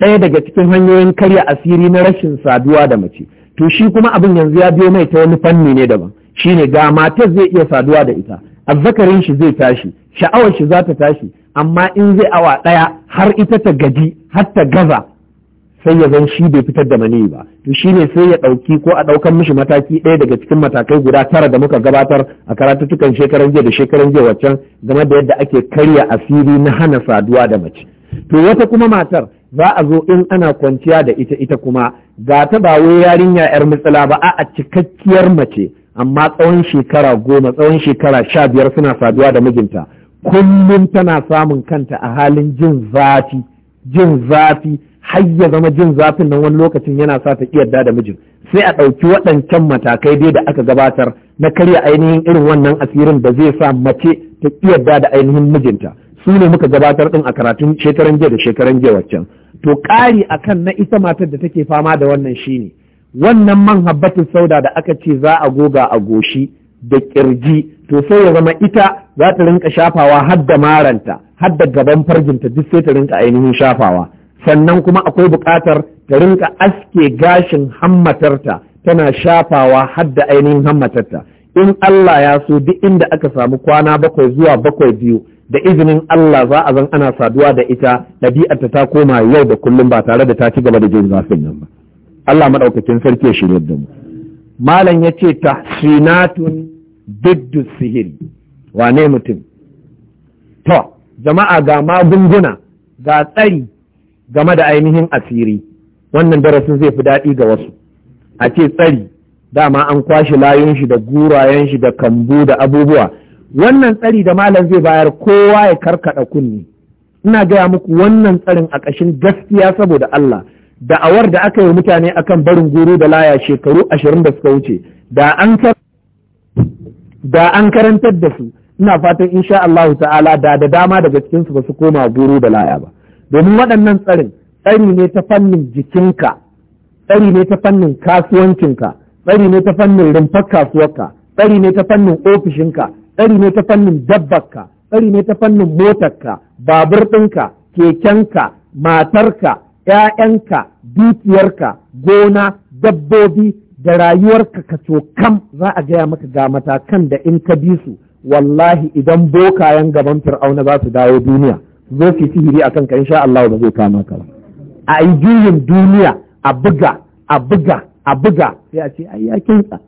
ɗaya daga cikin hanyoyin karya asiri na rashin saduwa da mace to shi kuma abin yanzu ya biyo mai ta wani fanni ne daban shi ne ga matar zai iya saduwa da ita azzakarin shi zai tashi sha'awar shi za ta tashi amma in zai awa ɗaya har ita ta gaji har ta gaza sai ya zan shi bai fitar da mani ba to shi ne sai ya ɗauki ko a ɗaukan mishi mataki ɗaya daga cikin matakai guda tara da muka gabatar a karatuttukan shekaran jiya da shekaran jiya waccan game da yadda ake karya asiri na hana saduwa da mace to wata kuma matar za a zo in ana kwanciya da ita ita kuma ga ta ba wai yarinya yar mitsila ba a cikakkiyar mace amma tsawon shekara goma tsawon shekara sha biyar suna saduwa da mijinta kullum tana samun kanta a halin jin zafi jin zafi har ya zama jin zafin nan wani lokacin yana sa ta yarda da mijin sai a ɗauki waɗancan matakai dai da aka gabatar na karya ainihin irin wannan asirin da zai sa mace ta yarda da ainihin mijinta su ne muka gabatar ɗin a karatun shekaran jiya da shekaran jiya waccan to ƙari akan na ita matar da take fama da wannan shine wannan man habbatin sauda da aka ce za a goga a goshi da kirji to sai ya zama ita za ta rinka shafawa har da maranta har da gaban farjinta duk sai ta rinka ainihin shafawa sannan kuma akwai buƙatar ta rinka aske gashin hammatarta tana shafawa har da ainihin hammatarta in Allah ya so duk inda aka samu kwana bakwai zuwa bakwai biyu da izinin Allah za a zan ana saduwa da ita ɗabi'arta ta koma yau da kullum ba tare da ta ci gaba da jin zafin nan ba Allah maɗaukakin sarki ya shirya da mu malam ya ce tahsinatun biddu sihiri wane mutum to jama'a ga magunguna ga tsari game da ainihin asiri wannan darasin zai fi daɗi ga wasu a ce tsari dama an kwashe layun shi da gurayen shi da kambu da abubuwa wannan tsari da malam zai bayar kowa ya karkaɗa kunni ina gaya muku wannan tsarin a ƙashin gaskiya saboda Allah da awar da aka yi mutane akan barin guru da laya shekaru ashirin da suka wuce da an karantar da su ina fatan insha Allah ta'ala da da dama daga cikinsu ba su koma guru da laya ba domin waɗannan tsarin tsari ne ta fannin jikinka tsari ne ta fannin kasuwancinka tsari ne ta fannin rumfar kasuwarka tsari ne ta fannin ofishinka tsari ne ta fannin dabbarka tsari ne ta fannin motarka babur ɗinka kekenka matarka ‘ya'yanka dukiyarka gona dabbobi da rayuwarka ka kam za a gaya maka ga matakan da in ka bi su wallahi idan bokayen gaban fir'auna za su dawo duniya zo ki sihiri akan ka insha Allah ba zai kama ka ba a yi juyin duniya a buga a buga a buga sai a ce ai ya kinsa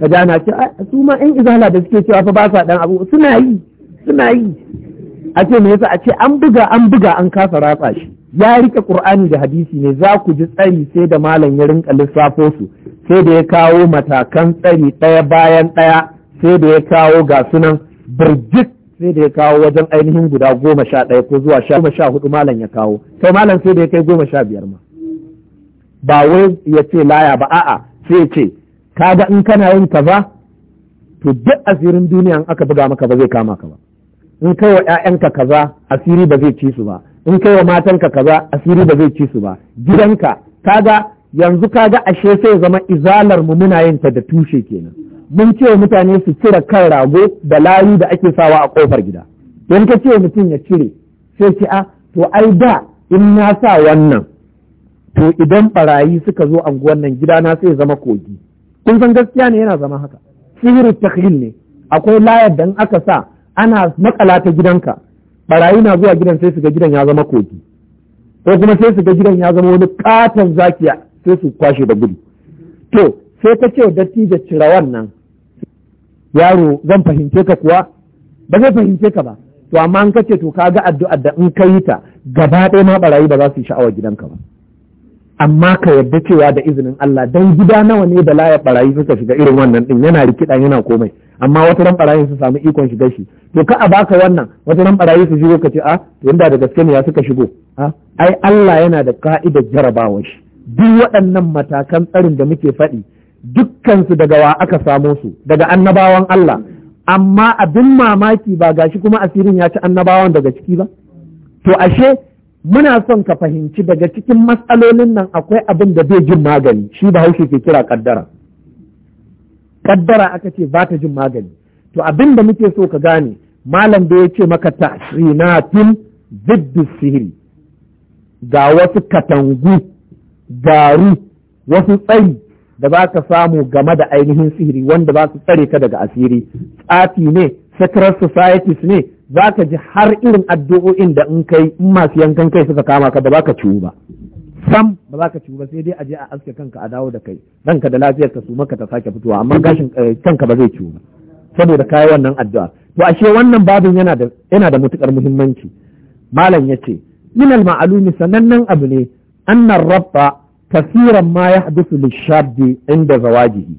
ka ji ana ce su ma yan izala da suke cewa fa ba sa dan abu suna yi suna yi a ce me yasa a ce an buga an buga an kasa ratsa shi ya rike qur'ani da hadisi ne za ku ji tsari sai da malam ya rinka lissafo su sai da ya kawo matakan tsari ɗaya bayan ɗaya sai da ya kawo ga sunan birjik sai da ya kawo wajen ainihin guda goma sha ɗaya ko zuwa sha goma sha hudu malam ya kawo kai malam sai da ya kai goma sha biyar ma ba wai ya ce laya ba a'a sai ce kaga in kana yin kaza to duk asirin duniya in aka buga maka ba zai kama ka ba in kai wa ƴaƴanka kaza asiri ba zai ci su ba in kai wa matanka kaza asiri ba zai ci su ba gidanka kaga yanzu ga ashe sai zama izalar mu muna yin ta da tushe kenan mun ce mutane su cire kan rago da layu da ake sawa a kofar gida don ka ce mutum ya cire sai ce a ah, to ai da in na sa wannan to idan barayi suka zo a nan gida na sai zama kogi kun san gaskiya ne yana zama haka sihirin takhil ne akwai layar da aka sa ana makala ta gidanka barayi na zuwa gidan sai su ga gidan ya zama kogi ko kuma sai su ga gidan ya zama wani katon zakiya sai su kwashe da gudu to sai ka ce wa da cire wannan yaro zan fahimce ka kuwa ba zai fahimce ka ba to amma an kace to kaga addu'ar da in ka yi ta gaba ɗaya ma barayi ba za su yi sha'awar gidanka ba amma ka yarda cewa da izinin Allah dan gida nawa ne da ya barayi suka shiga irin wannan din yana rikida yana komai amma wata ran barayi su samu ikon shiga shi to ka a baka wannan wata ran barayi su shigo ka ce a ah, to inda da gaske ne ya suka shigo a ah, ai Allah yana da ka'idar jarabawar shi duk waɗannan matakan tsarin da muke faɗi dukkansu daga wa aka samo su daga annabawan Allah amma abin mamaki ba gashi kuma asirin ya ci annabawan daga ciki ba to ashe muna son ka fahimci daga cikin matsalolin nan akwai abin da bai jin magani shi ba haushe ke kira kaddara kaddara aka ce ba ta jin magani to abin da muke so ka gane malam da ya ce maka tasrinatin ziddu sihiri ga wasu katangu garu wasu tsari. da ba ka samu game da ainihin sihiri wanda ba su tsare ka daga asiri tsafi ne secret societies ne za ka ji har irin addu'o'in da in kai in masu yankan kai suka kama ka da ba ka ciwu ba sam ba za ka ciwu ba sai dai a je a aske kanka a dawo da kai ranka da lafiyar ka su maka ta sake fitowa amma gashin eh, kanka ba zai ciwu ba saboda kai wannan addu'a to ashe wannan babin yana da yana da matukar muhimmanci malam yace min al ma'alumi sanannen abu ne annar rabba kasiran ma ya hadusu lishabdi inda zawajihi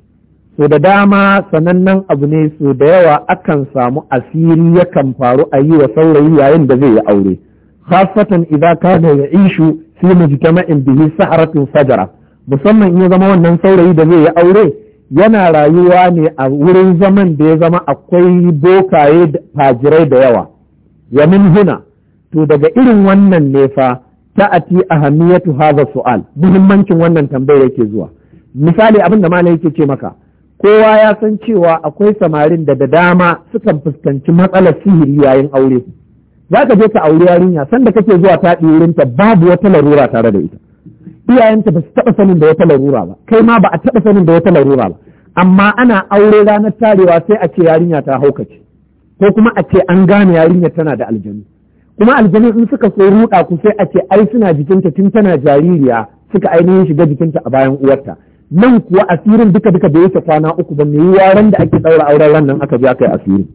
so da dama sanannen abu ne so da yawa akan samu asiri yakan faru a yi wa saurayi yayin da zai yi aure khasatan idan ka kana ya ishu fi mujtama'in bihi saharatun fajara musamman in ya zama wannan saurayi da zai yi aure yana rayuwa ne a wurin zaman da ya zama akwai bokaye fajirai da yawa ya min huna to daga irin wannan ne fa ta'ati ahamiyatu hadha su'al muhimmancin wannan tambayar yake zuwa misali abinda da malai yake ce maka kowa ya san cewa akwai samarin da da dama sukan fuskanci matsalar sihiri yayin aure za ka je ka aure yarinya sanda kake zuwa ta wurinta babu wata larura tare da ita iyayenta ba su taɓa sanin da wata larura ba kai ma ba a taɓa sanin da wata larura ba amma ana aure ranar tarewa sai a ce yarinya ta haukace ko kuma a ce an gane yarinya tana da aljanu kuma aljanu in suka so ruɗa ku sai a ce ai suna jikinta tun tana jaririya suka ainihin shiga jikinta a bayan uwarta nan kuwa asirin duka duka bai yake kwana uku ba mai waran da ake ɗaura auren ran nan aka ji aka yi asiri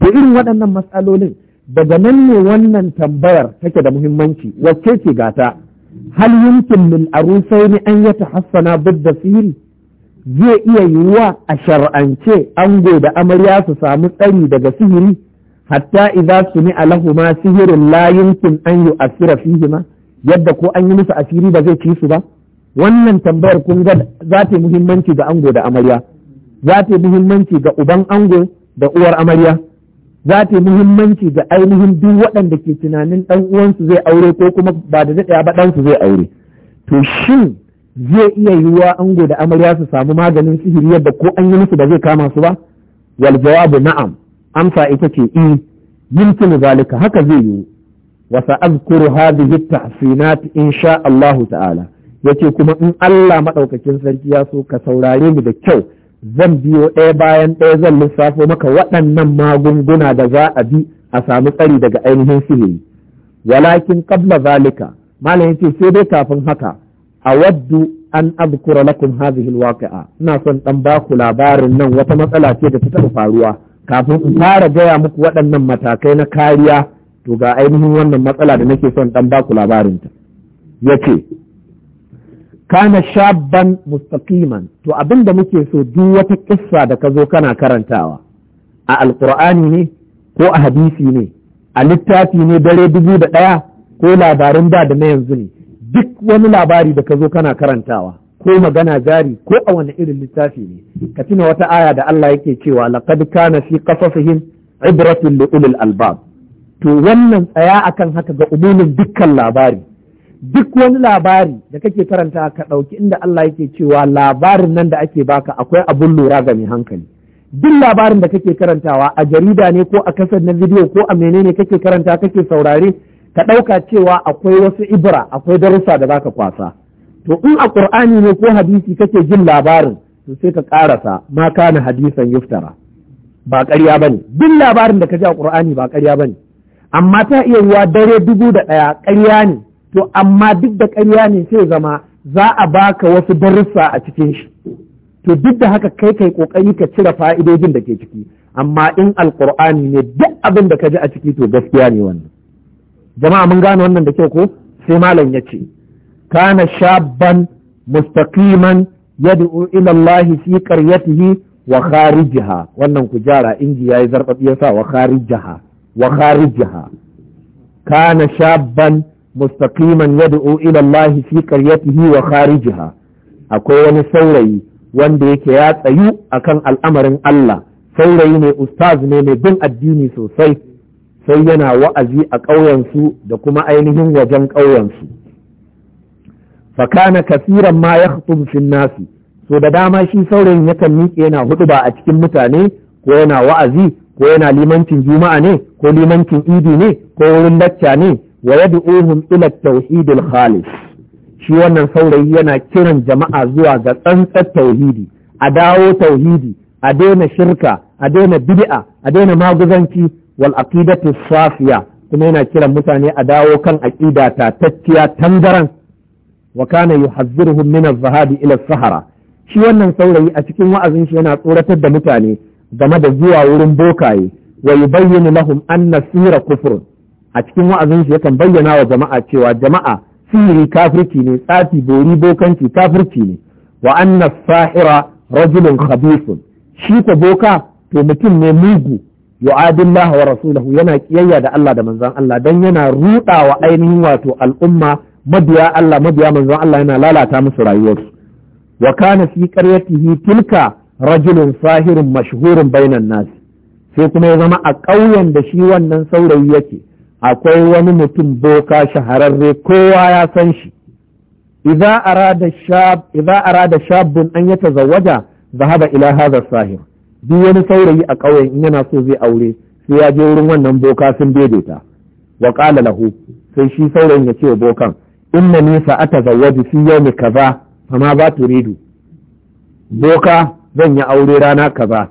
to irin waɗannan matsalolin daga nan ne wannan tambayar take da muhimmanci wacce ce gata hal yumkin lil ne an yatahassana da siri zai iya yiwuwa a shar'ance ango da amarya su samu tsari daga sihiri hatta idza sumi'a lahuma sihrun la yumkin an yu'athira fihi ma yadda ko an yi musu asiri ba zai ci su ba wannan tambayar kun ga za muhimmanci ga ango da amarya za muhimmanci ga uban ango da uwar amarya za muhimmanci ga ainihin duk waɗanda ke tunanin ɗan uwansu zai aure ko kuma ba da daɗaya ba ɗansu zai aure to shin zai iya yiwuwa ango da amarya su samu maganin sihiri yadda ko an yi musu ba zai kama su ba wal jawabu na'am amsa ita ce in yumkinu zalika haka zai yi wa sa'azkuru hadhihi at-tahsinat insha Allah ta'ala yace kuma in Allah madaukakin sarki ya so ka saurare mu da kyau zan biyo ɗaya bayan ɗaya zan lissafo maka waɗannan magunguna da za a bi a samu tsari daga ainihin sihiri walakin qabla zalika malam yace sai dai kafin haka awaddu an azkura lakum hadhihi alwaqi'a ina son dan ba ku labarin nan wata matsala ce da ta taɓa faruwa kafin in fara gaya muku waɗannan matakai na kariya to ga ainihin wannan matsala da nake son ɗan baku labarinta ya ce kana shabban mustaqiman to abin da muke so duk wata kissa da ka zo kana karantawa a alkur'ani ne ko a hadisi ne a littafi ne dare dubu da ɗaya ko labarin da da na yanzu ne duk wani labari da ka zo kana karantawa ko magana jari ko a wani irin littafi ne ka tuna wata aya da Allah yake cewa laqad kana fi qasasihim ibratun li ulil albab to wannan tsaya akan haka ga umumin dukkan labari duk wani labari da kake karanta ka ɗauki inda Allah yake cewa labarin nan da ake baka akwai abun lura ga mai hankali duk labarin da kake karantawa a jarida ne ko a kasar na bidiyo ko a menene kake karanta kake saurare ka ɗauka cewa akwai wasu ibra akwai darussa da baka kwasa to in a qur'ani ne ko hadisi kake jin labarin to sai ka karasa ma kana hadisan yuftara ba ƙarya bane duk labarin da ka ji a qur'ani ba ƙarya bane amma ta iya ruwa dare dubu da ɗaya ƙarya ne to amma duk da ƙarya ne sai zama za a baka wasu darussa a cikin shi to duk da haka kai kai kokari ka cire fa'idojin da ke ciki amma in alqur'ani ne duk abin da ka ji a ciki to gaskiya ne wannan jama'a mun gane wannan da kyau ko sai malam ya ce kana shabban mustaqiman yad'u ila Allah fi qaryatihi wannan kujara inji yayi zarbabiyar sa wa kana shabban mustaqiman yad'u ila Allah fi qaryatihi akwai wani saurayi wanda yake ya tsayu akan al'amarin Allah saurayi ne ustaz ne mai bin addini sosai sai yana wa'azi a ƙauyensu da kuma ainihin wajen ƙauyensu fakana kasiran ma ya fin nasi so da dama shi saurayin yakan miƙe yana hudu ba a cikin mutane ko yana wa'azi ko yana limancin juma'a ne ko limancin idi ne ko wurin lacca ne wa yad'uhum ila tauhidil khalis shi wannan saurayi yana kiran jama'a zuwa ga tsantsar tauhidi a dawo tauhidi a daina shirka a daina bid'a a daina maguzanci wal aqidatu safiya kuma yana kiran mutane a dawo kan aqida ta tattiya tangaran wa kana yuhazziruhum min zahabi ila sahara shi wannan saurayi a cikin wa'azin shi yana tsoratar da mutane game da zuwa wurin bokaye wa yubayyinu lahum anna sihra kufrun a cikin wa'azin shi yakan bayyana wa jama'a cewa jama'a sihiri kafirci ne tsafi bori bokanci kafirci ne wa anna sahira rajulun khabithun shi ko boka to mutum ne mugu yu'adillahu wa rasulahu yana kiyayya da Allah da manzon Allah dan yana ruɗawa ainihin wato al'umma mabiya Allah mabiya manzon Allah yana lalata musu rayuwarsu wa kana fi qaryatihi tilka rajulun sahirun mashhurun bainan nas sai kuma ya zama a ƙauyen da shi wannan saurayi yake akwai wani mutum boka shahararre kowa ya san shi idza arada shab idza arada shabun an yatazawwaja zahaba ila hadha sahir duk wani saurayi a ƙauyen in yana so zai aure sai ya je wurin wannan boka sun daidaita wa qala lahu sai shi saurayin ya ce wa bokan In inna ni fa atazawwaju fi yawmi kaza ma ba turidu boka zan yi aure rana kaza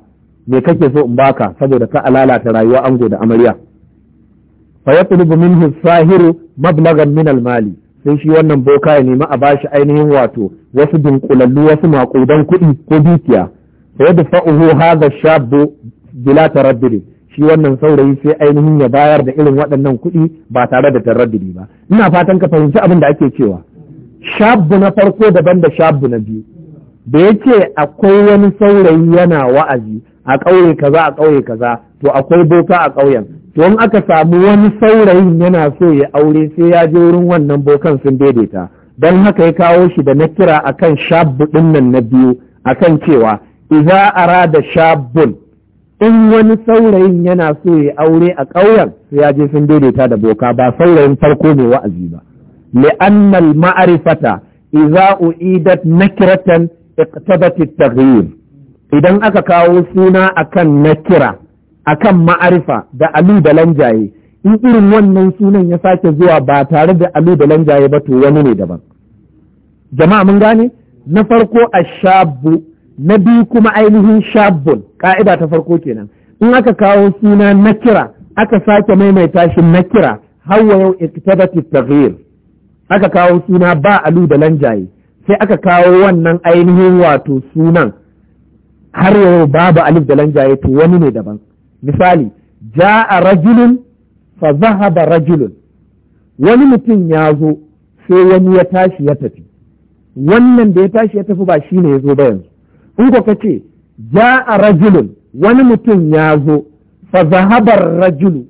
me kake so in baka saboda ka alalata rayuwa ango da amarya fa yatlubu minhu sahiru mablagan min almali mali sai shi wannan boka ya nemi a bashi ainihin wato wasu dunkulallu wasu maƙudan kuɗi ko dukiya fa fa'uhu hadha shabbu bila taraddudi shi wannan saurayi sai ainihin ya bayar da irin waɗannan kuɗi ba tare da taraddudi ba ina fatan ka fahimci abin da ake cewa shabbu na farko daban da shabbu na biyu da yake akwai wani saurayi yana wa'azi a ƙauye kaza a ƙauye kaza to akwai boka a ƙauyen to in aka samu wani saurayin yana so ya aure sai ya je wurin wannan bokan sun daidaita don haka ya kawo shi da na kira akan shabbu ɗin nan na biyu akan cewa "Iza idza arada shabbun in wani saurayin yana so ya aure a ƙauyen sai ya je sun daidaita da boka ba saurayin farko mai wa'azi ba li'annal ma'arifata idza u'idat nakiratan iqtabat at-taghyir idan aka kawo suna akan nakira akan ma'arifa da alu da lanjaye in irin wannan sunan ya sake zuwa ba tare da alu da lanjaye ba to wani ne daban jama'a mun gane na farko ashabu na biyu kuma ainihin shabbun ƙa'ida ta farko kenan in aka kawo suna na kira aka sake maimaita shi na kira, hawa yau iktabati aka kawo suna ba alu da lanjaye sai aka kawo wannan ainihin wato sunan har yau babu alif da lanjaye to wani ne daban misali ja a rajulun fa zahaba rajulun wani mutum ya zo sai wani ya tashi ya tafi wannan da ya tashi ya tafi ba ne ya zo ba yanzu in ko ja a rajulun wani mutum ya zo fa zahabar rajulu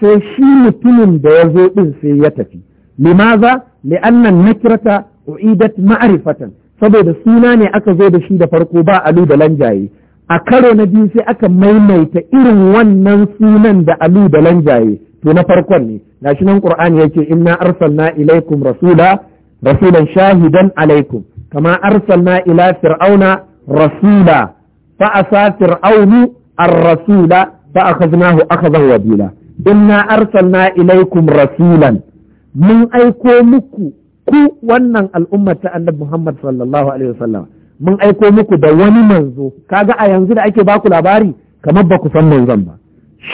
sai shi mutumin da ya zo din sai ya tafi limaza li'annan nakirata u'idat ma'rifatan saboda suna ne aka zo da shi da farko ba alu da lanjaye a karo na biyu sai aka maimaita irin wannan sunan da alu da lanjaye to na farkon ne gashi nan ƙur'ani yake inna arsalna ilaikum rasula rasulan shahidan alaikum kama arsalna ila fir'auna rasula fa asa fir'aunu ar-rasula fa akhadnahu akhadan wabila inna arsalna ilaikum rasulan mun aiko muku ku wannan al'ummar ta annabi Muhammad sallallahu alaihi wasallam mun aiko muku da wani manzo kaga a yanzu da ake baku labari kamar ba ku san manzon ba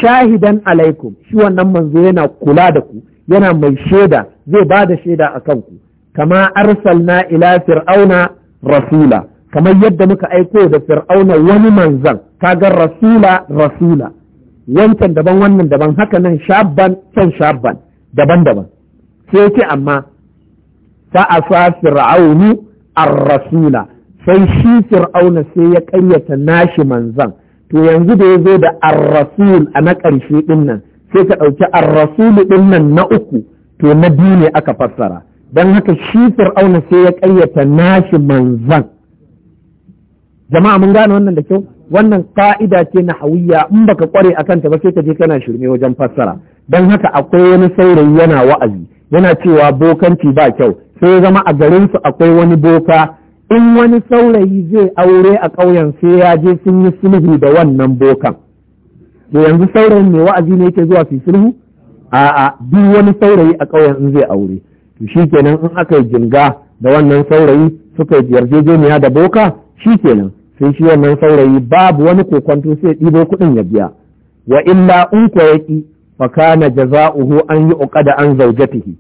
shahidan alaikum shi wannan manzo yana kula da ku yana mai shaida zai ba da shaida a kanku kama arsalna ila fir'auna rasula kamar yadda muka aiko da fir'auna wani manzan ga rasula rasula wancan daban wannan daban haka nan shabban can shabban daban-daban sai ce amma asa fir'aunu ar-rasula sai shi fir'auna sai ya ƙaryata nashi manzan to yanzu da ya zo da ar-rasul a na ƙarshe ɗinnan, nan sai ka ɗauki ar-rasul ɗin nan na uku to na biyu ne aka fassara don haka shi fir'auna sai ya ƙaryata nashi manzan jama'a mun gane wannan da kyau wannan ka'ida ce na hawiya in baka kware akan ta ba sai ka je kana shirme wajen fassara dan haka akwai wani saurayi yana wa'azi yana cewa bokanci ba kyau sai zama a garin su akwai wani boka in wani saurayi zai aure a ƙauyen sai ya je sun yi sulhu da wannan bokan to yanzu saurayin mai wa'azi ne yake zuwa su sulhu a'a duk wani saurayi a ƙauyen in zai aure to shikenan in aka yi jinga da wannan saurayi suka yi yarjejeniya da boka shikenan sai shi wannan saurayi babu wani kokonto sai ɗibo kuɗin ya biya wa illa in ko ya ƙi fa kana jaza'uhu an yi uqada an tafi.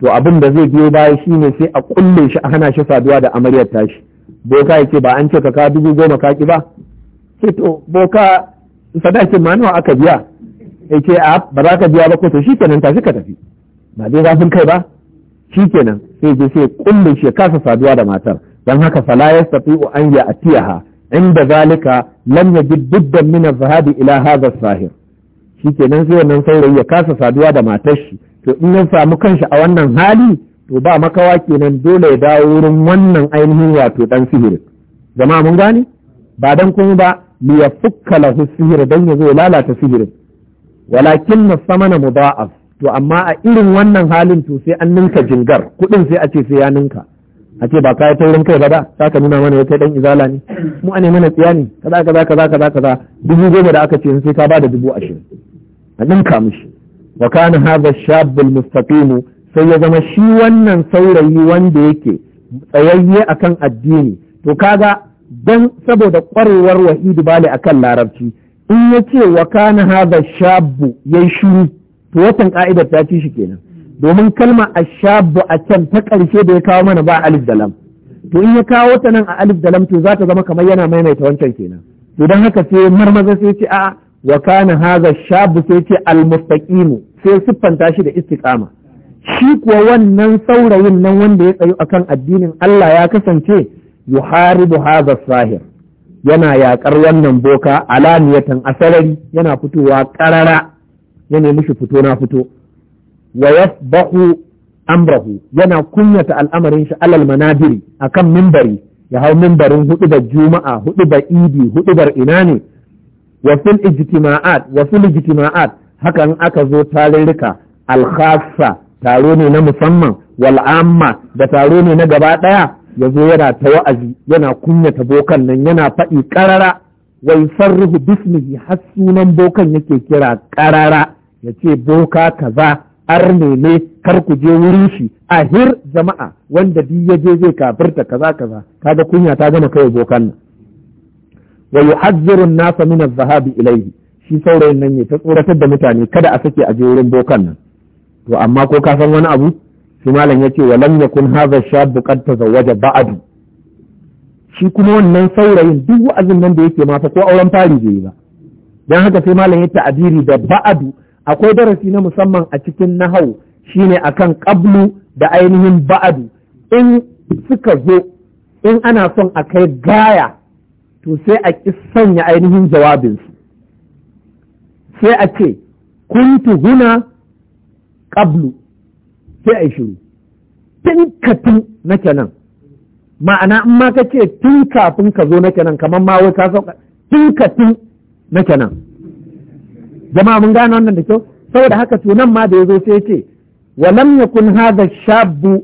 to abin da zai biyo baya shine sai a kulle shi a hana shi saduwa da amaryar tashi boka ya ce ba an ce ka ka dubu goma ka ki ba sai to boka sadakin ma nawa aka biya ya ce a ba za ka biya ba ko to shikenan tashi ka tafi ba dai zafin kai ba shikenan sai je sai kulle shi ya kasa saduwa da matar dan haka fala yastati'u an ya'tiyaha inda zalika lam yajid duddan min az-zahabi ila hadha as-sahir shikenan sai wannan saurayi ya kasa saduwa da matar shi to in ya samu kanshi a wannan hali to ba makawa kenan dole ya dawo wurin wannan ainihin wato dan sihirin jama'a mun gane ba dan kuma ba li yafukka lahu sihir dan ya zo lalata sihirin walakin samana mudha'af to amma a irin wannan halin to sai an ninka jingar kudin sai a ce sai ya ninka a ce ba ka yi taurin kai ba da za ka nuna mana ya kai dan izala ne mu a mana tsiya ne kaza kaza kaza kaza kaza dubu goma da aka ce sai ka ba da dubu ashirin a ɗinka mishi wa kana haza shabbul mustaqimu sai ya zama shi wannan saurayi wanda yake tsayayye akan addini to kaga dan saboda kwarewar wahidu bale akan larabci in ya ce wa kana haza shabbu yayi shiru to watan ka'idar ta ci shi kenan domin kalma a shabu a can ta ƙarshe da ya kawo mana ba alif da to in ya kawo ta nan a alif da to za ta zama kamar yana maimaita wancan kenan to don haka sai marmaza sai ce a wa kana haza shabu sai ce al mustaqimu sai siffanta shi da istiqama shi kuwa wannan saurayin nan wanda ya tsayu akan addinin Allah ya kasance yuharibu haza sahir yana yaƙar wannan boka alaniyatan asarari yana fitowa karara ya nemi shi fito na fito wa yasbahu amrahu yana kunyata al'amarin shi alal manabiri akan mimbari ya hau mimbarin hudu da juma'a hudu da idi hudu da ina ne wa fil ijtima'at wa fil hakan aka zo tarurruka al taro ne na musamman wal da taro ne na gaba ɗaya. Yazo yana ta wa'azi yana kunyata bokan nan yana faɗi ƙarara wai farruhu, bismihi har sunan bokan yake kira ƙarara ya ce boka kaza arnene ne kar ku je wurin shi a hir jama'a wanda duk ya je zai kafirta kaza kaza kaga kunya ta gama kai bokan nan wa yuhazziru an-nasa min adh-dhahabi ilayhi shi saurayin nan ne ta tsoratar da mutane kada a sake a je wurin bokan nan to amma ko ka san wani abu shi malam yace wa lam yakun hadha shabu qad tazawwaja ba'du shi kuma wannan saurayin duk wa'azin nan da yake mata ko auren fari bai yi ba dan haka sai malam ya ta'abiri da ba'adu akwai darasi na musamman a cikin nahau shine akan ƙablu da ainihin ba'adu in suka zo in ana son a kai gaya to sai a ƙi sanya ainihin jawabinsu sai a ce kuntu huna ƙablu, sai a yi shiru tun katin nake nan ma'ana in ma ka ce tun kafin ka zo nake nan kamar ma wai ka sauka tun katin nake nan jama'a mun gane wannan da kyau saboda haka tunan ma da ya zo sai ce wa lam yakun hadha shabbu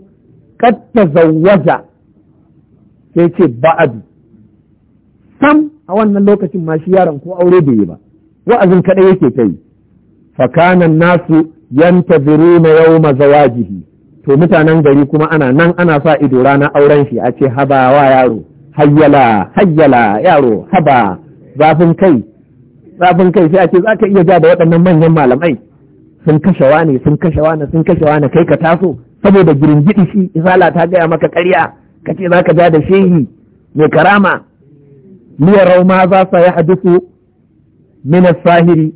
qad tazawwaja sai ce ba'adu sam a wannan lokacin ma shi yaron ko aure bai yi ba wa'azin kaɗai yake ta yi fa kana nasu yantaziruna yawma zawajihi to mutanen gari kuma ana nan ana sa ido ranar auren shi a ce haba wa yaro hayyala hayyala yaro haba zafin kai zafin kai sai a ce za ka iya ja da waɗannan manyan malamai sun kashe ne sun kashe wane sun kashe wane kai ka taso saboda girgidi shi isala ta gaya maka ƙarya ka ce za ka ja da shehi mai karama liyarau ma za sa ya hadisu minas sahiri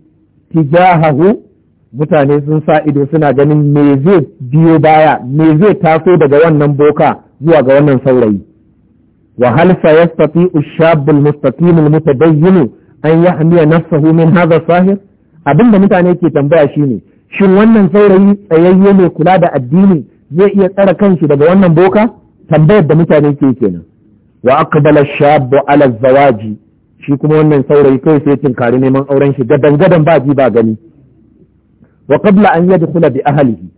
tijahahu mutane sun sa ido suna ganin me zai biyo baya me zai taso daga wannan boka zuwa ga wannan saurayi wa hal sa yastati'u ushabul mustaqimul mutabayyinu an yi hamiya nafsahu min hadha sahir abinda mutane ke tambaya shine shin wannan saurayi tsayayye mai kula da addini zai iya tsara kanshi daga wannan boka tambayar da mutane ke kenan wa aqbala shabu ala zawaji shi kuma wannan saurayi kai sai tinkari neman auren shi gadan gadan ba ji ba gani wa qabla an yadkhula bi ahlihi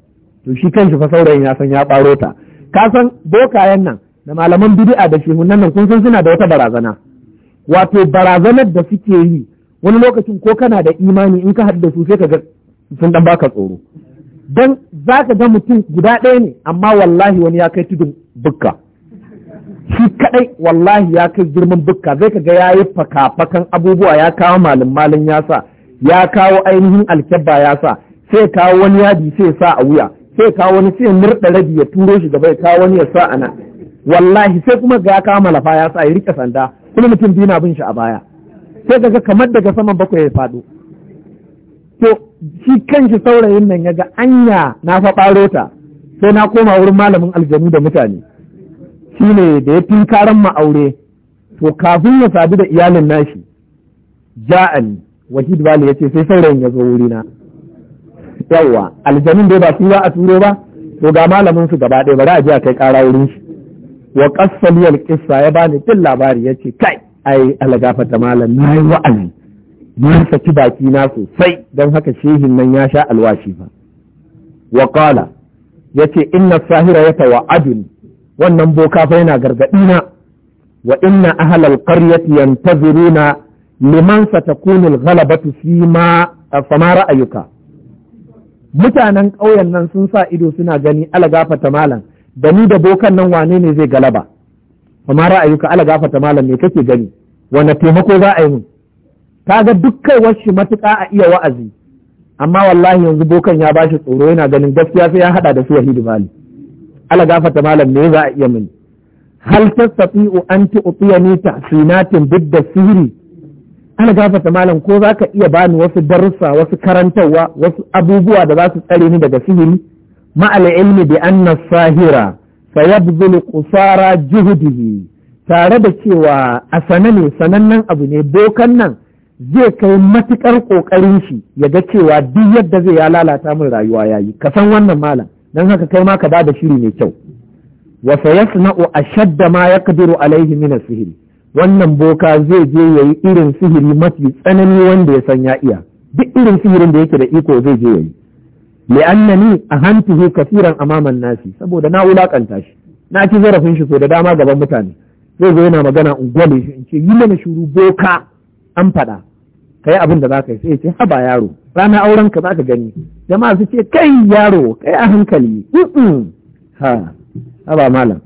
to shi kanshi fa saurayin ya san ya ɓarota. ta ka san bokayen nan da malaman bid'a da shehunan nan kun san suna da wata barazana wato barazanar da suke yi wani lokacin ko kana da imani in ka haɗu da su sai ka ga sun dan baka tsoro dan za ka ga mutum guda ɗaya ne amma wallahi wani ya kai tudun bukka shi kaɗai wallahi ya kai girman bukka zai ka ga ya yi fakafakan abubuwa ya kawo malin malin ya sa ya kawo ainihin alkyabba ya sa sai kawo wani yadi sai sa a wuya sai kawo wani sai murɗa rabi ya turo shi gaba ya kawo wani ya sa ana. wallahi sai kuma ga ya kawo malafa ya sa ya rike sanda kuma mutum biyu na bin shi a baya sai ga kamar daga saman bakwai ya faɗo to shi kanshi saurayin nan ya ga anya na fa ta sai na koma wurin malamin aljanu da mutane shi ne da ya fi karan ma'aure to kafin ya sadu da iyalin nashi ja'ani wajid bali ya ce sai saurayin ya zo wurina yawwa aljanun dai ba su za a turo ba to ga malamin su gaba ɗaya bari a je a kai ƙara wurin shi wa qassaliyal qissa ya bani din labari yace kai ai alagafa ta malam yi wa'azi na saki baki na sosai don haka shehin nan ya sha alwashi fa wa qala yace inna sahira ya yatawa'adun wannan boka fa yana gargaɗi na wa inna ahlal qaryati yantaziruna liman satakunu al-ghalabatu fima eh, fama ra'ayuka mutanen ƙauyen nan sun sa ido suna gani alagafata malam da ni da bokan nan wane ne zai galaba amma ra'ayuka ala gafata malam me kake gani wane taimako za a yi min kaga dukkan wasu matuƙa a iya wa'azi amma wallahi yanzu bokan ya bashi tsoro yana ganin gaskiya sai ya haɗa da su wahidu bali ala gafata malam me za a iya mini hal tastati'u an tu'tiyani tahsinatin bidda sihri ala gafata malam ko za ka iya bani wasu darussa wasu karantarwa wasu abubuwa da za su tsare ni daga sihiri مع العلم بأن الصاهرة فيبذل قصارى جهده tare da cewa a sane ne sanannen abu ne bokan nan zai kai matukar ƙoƙarin shi ya ga cewa duk yadda zai ya lalata min rayuwa yayi ka san wannan malam Don haka kai ma ka bada shiri mai kyau wa sayasna'u ashadda ma kadiru alaihi mina sihiri wannan boka zai je yayi irin sihiri mafi tsanani wanda ya san ya iya duk irin sihirin da yake da iko zai je yayi li annani ahantuhu kafiran amaman nasi saboda na wulakanta shi na ci zarafin shi so da dama gaban mutane zai zo yana magana in gwale shi in ce yi mana shuru boka an faɗa Kai yi abin da za ka yi sai ya ce haba yaro rana auren ka za ka gani jama'a su ce kai yaro kai a hankali ha haba malam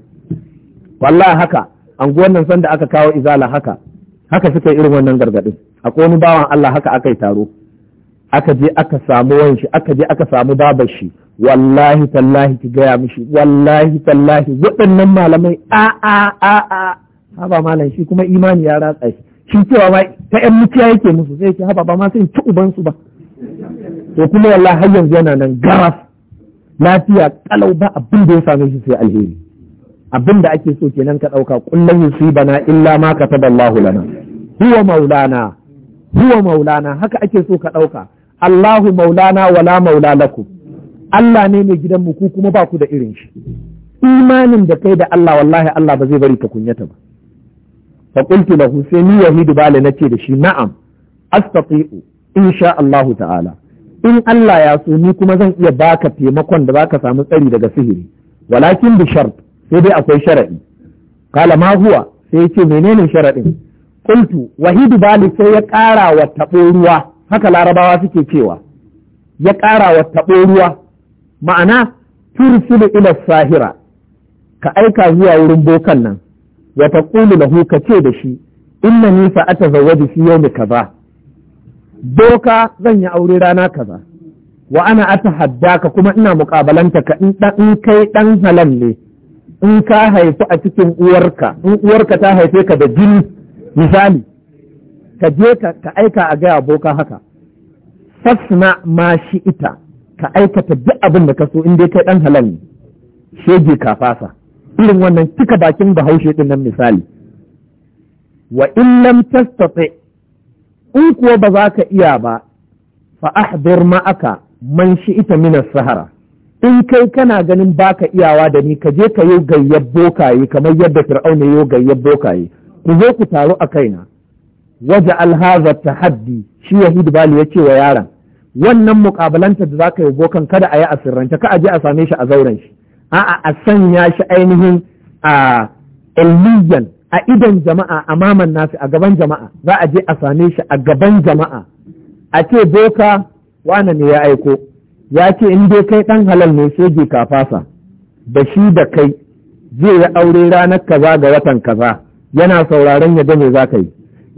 wallahi haka anguwan nan sanda aka kawo izala haka haka suka irin wannan gargadin A wani bawan Allah haka aka yi taro aka je aka samu wanshi aka je aka samu babar shi wallahi tallahi ki gaya mishi wallahi tallahi waɗannan malamai a a a a haba malam shi kuma imani ya ratsa shi shi cewa ma ta yan mutiya yake musu sai ki haba ba ma sai ci su ba to kuma wallahi har yanzu yana nan garas lafiya kalau ba abin da ya same shi sai alheri abin da ake so kenan ka ɗauka kullum yusibana illa ma kataballahu Allahu lana huwa maulana huwa maulana haka ake so ka ɗauka Allahu maulana wala maula lakum Allah ne mai gidan mu ku kuma ba ku da irin shi imanin da kai da Allah wallahi Allah ba zai bari ka kunyata ba fa qultu lahu sai ni yahidu bale nace da shi na'am astati'u insha Allah ta'ala in Allah ya so ni kuma zan iya baka taimakon da baka samu tsari daga sihiri walakin bi shart sai dai akwai sharaɗi. kala ma huwa sai yace menene sharadin qultu wahidu bale sai ya kara wa tabo ruwa haka larabawa suke cewa ya ƙara wa taɓo ruwa ma'ana tursilu ila sahira ka aika zuwa wurin bokan nan wa taqulu lahu ka ce da shi innani fa atazawwaju fi yawmi kaza boka zan yi aure rana kaza wa ana atahaddaka kuma ina muƙabalanta ka in in kai dan halal ne in ka haifi a cikin uwarka in uwarka ta haife ka da jini misali ka je ka aika a gaya boka haka fasna ma shi ita ka aikata duk abin da ka so in dai kai dan halal ne shege ka fasa irin wannan cika bakin bahaushe din nan misali wa in lam tastati in kuwa ba za ka iya ba fa ahdir ma'aka man shi ita minas sahara in kai kana ganin baka iyawa da ni ka je ka yi gayyar bokaye kamar yadda fir'auna ya gayyar bokaye ku zo ku taru a kaina waje alhazar ta haddi shi yahid bali ya ce wa yaron wannan mukabalanta da zaka yi bokan kada a yi a sirrance ka a je a same shi a zauren shi a'a a sanya shi ainihin a ilmiyan a idan jama'a a maman nasi a gaban jama'a za a je a same shi a gaban jama'a a ce boka wane ne ya aiko ya ce in dai kai ɗan halal ne sai je kafasa da shi da kai zai yi aure ranar kaza ga watan kaza yana sauraron ya me za ka yi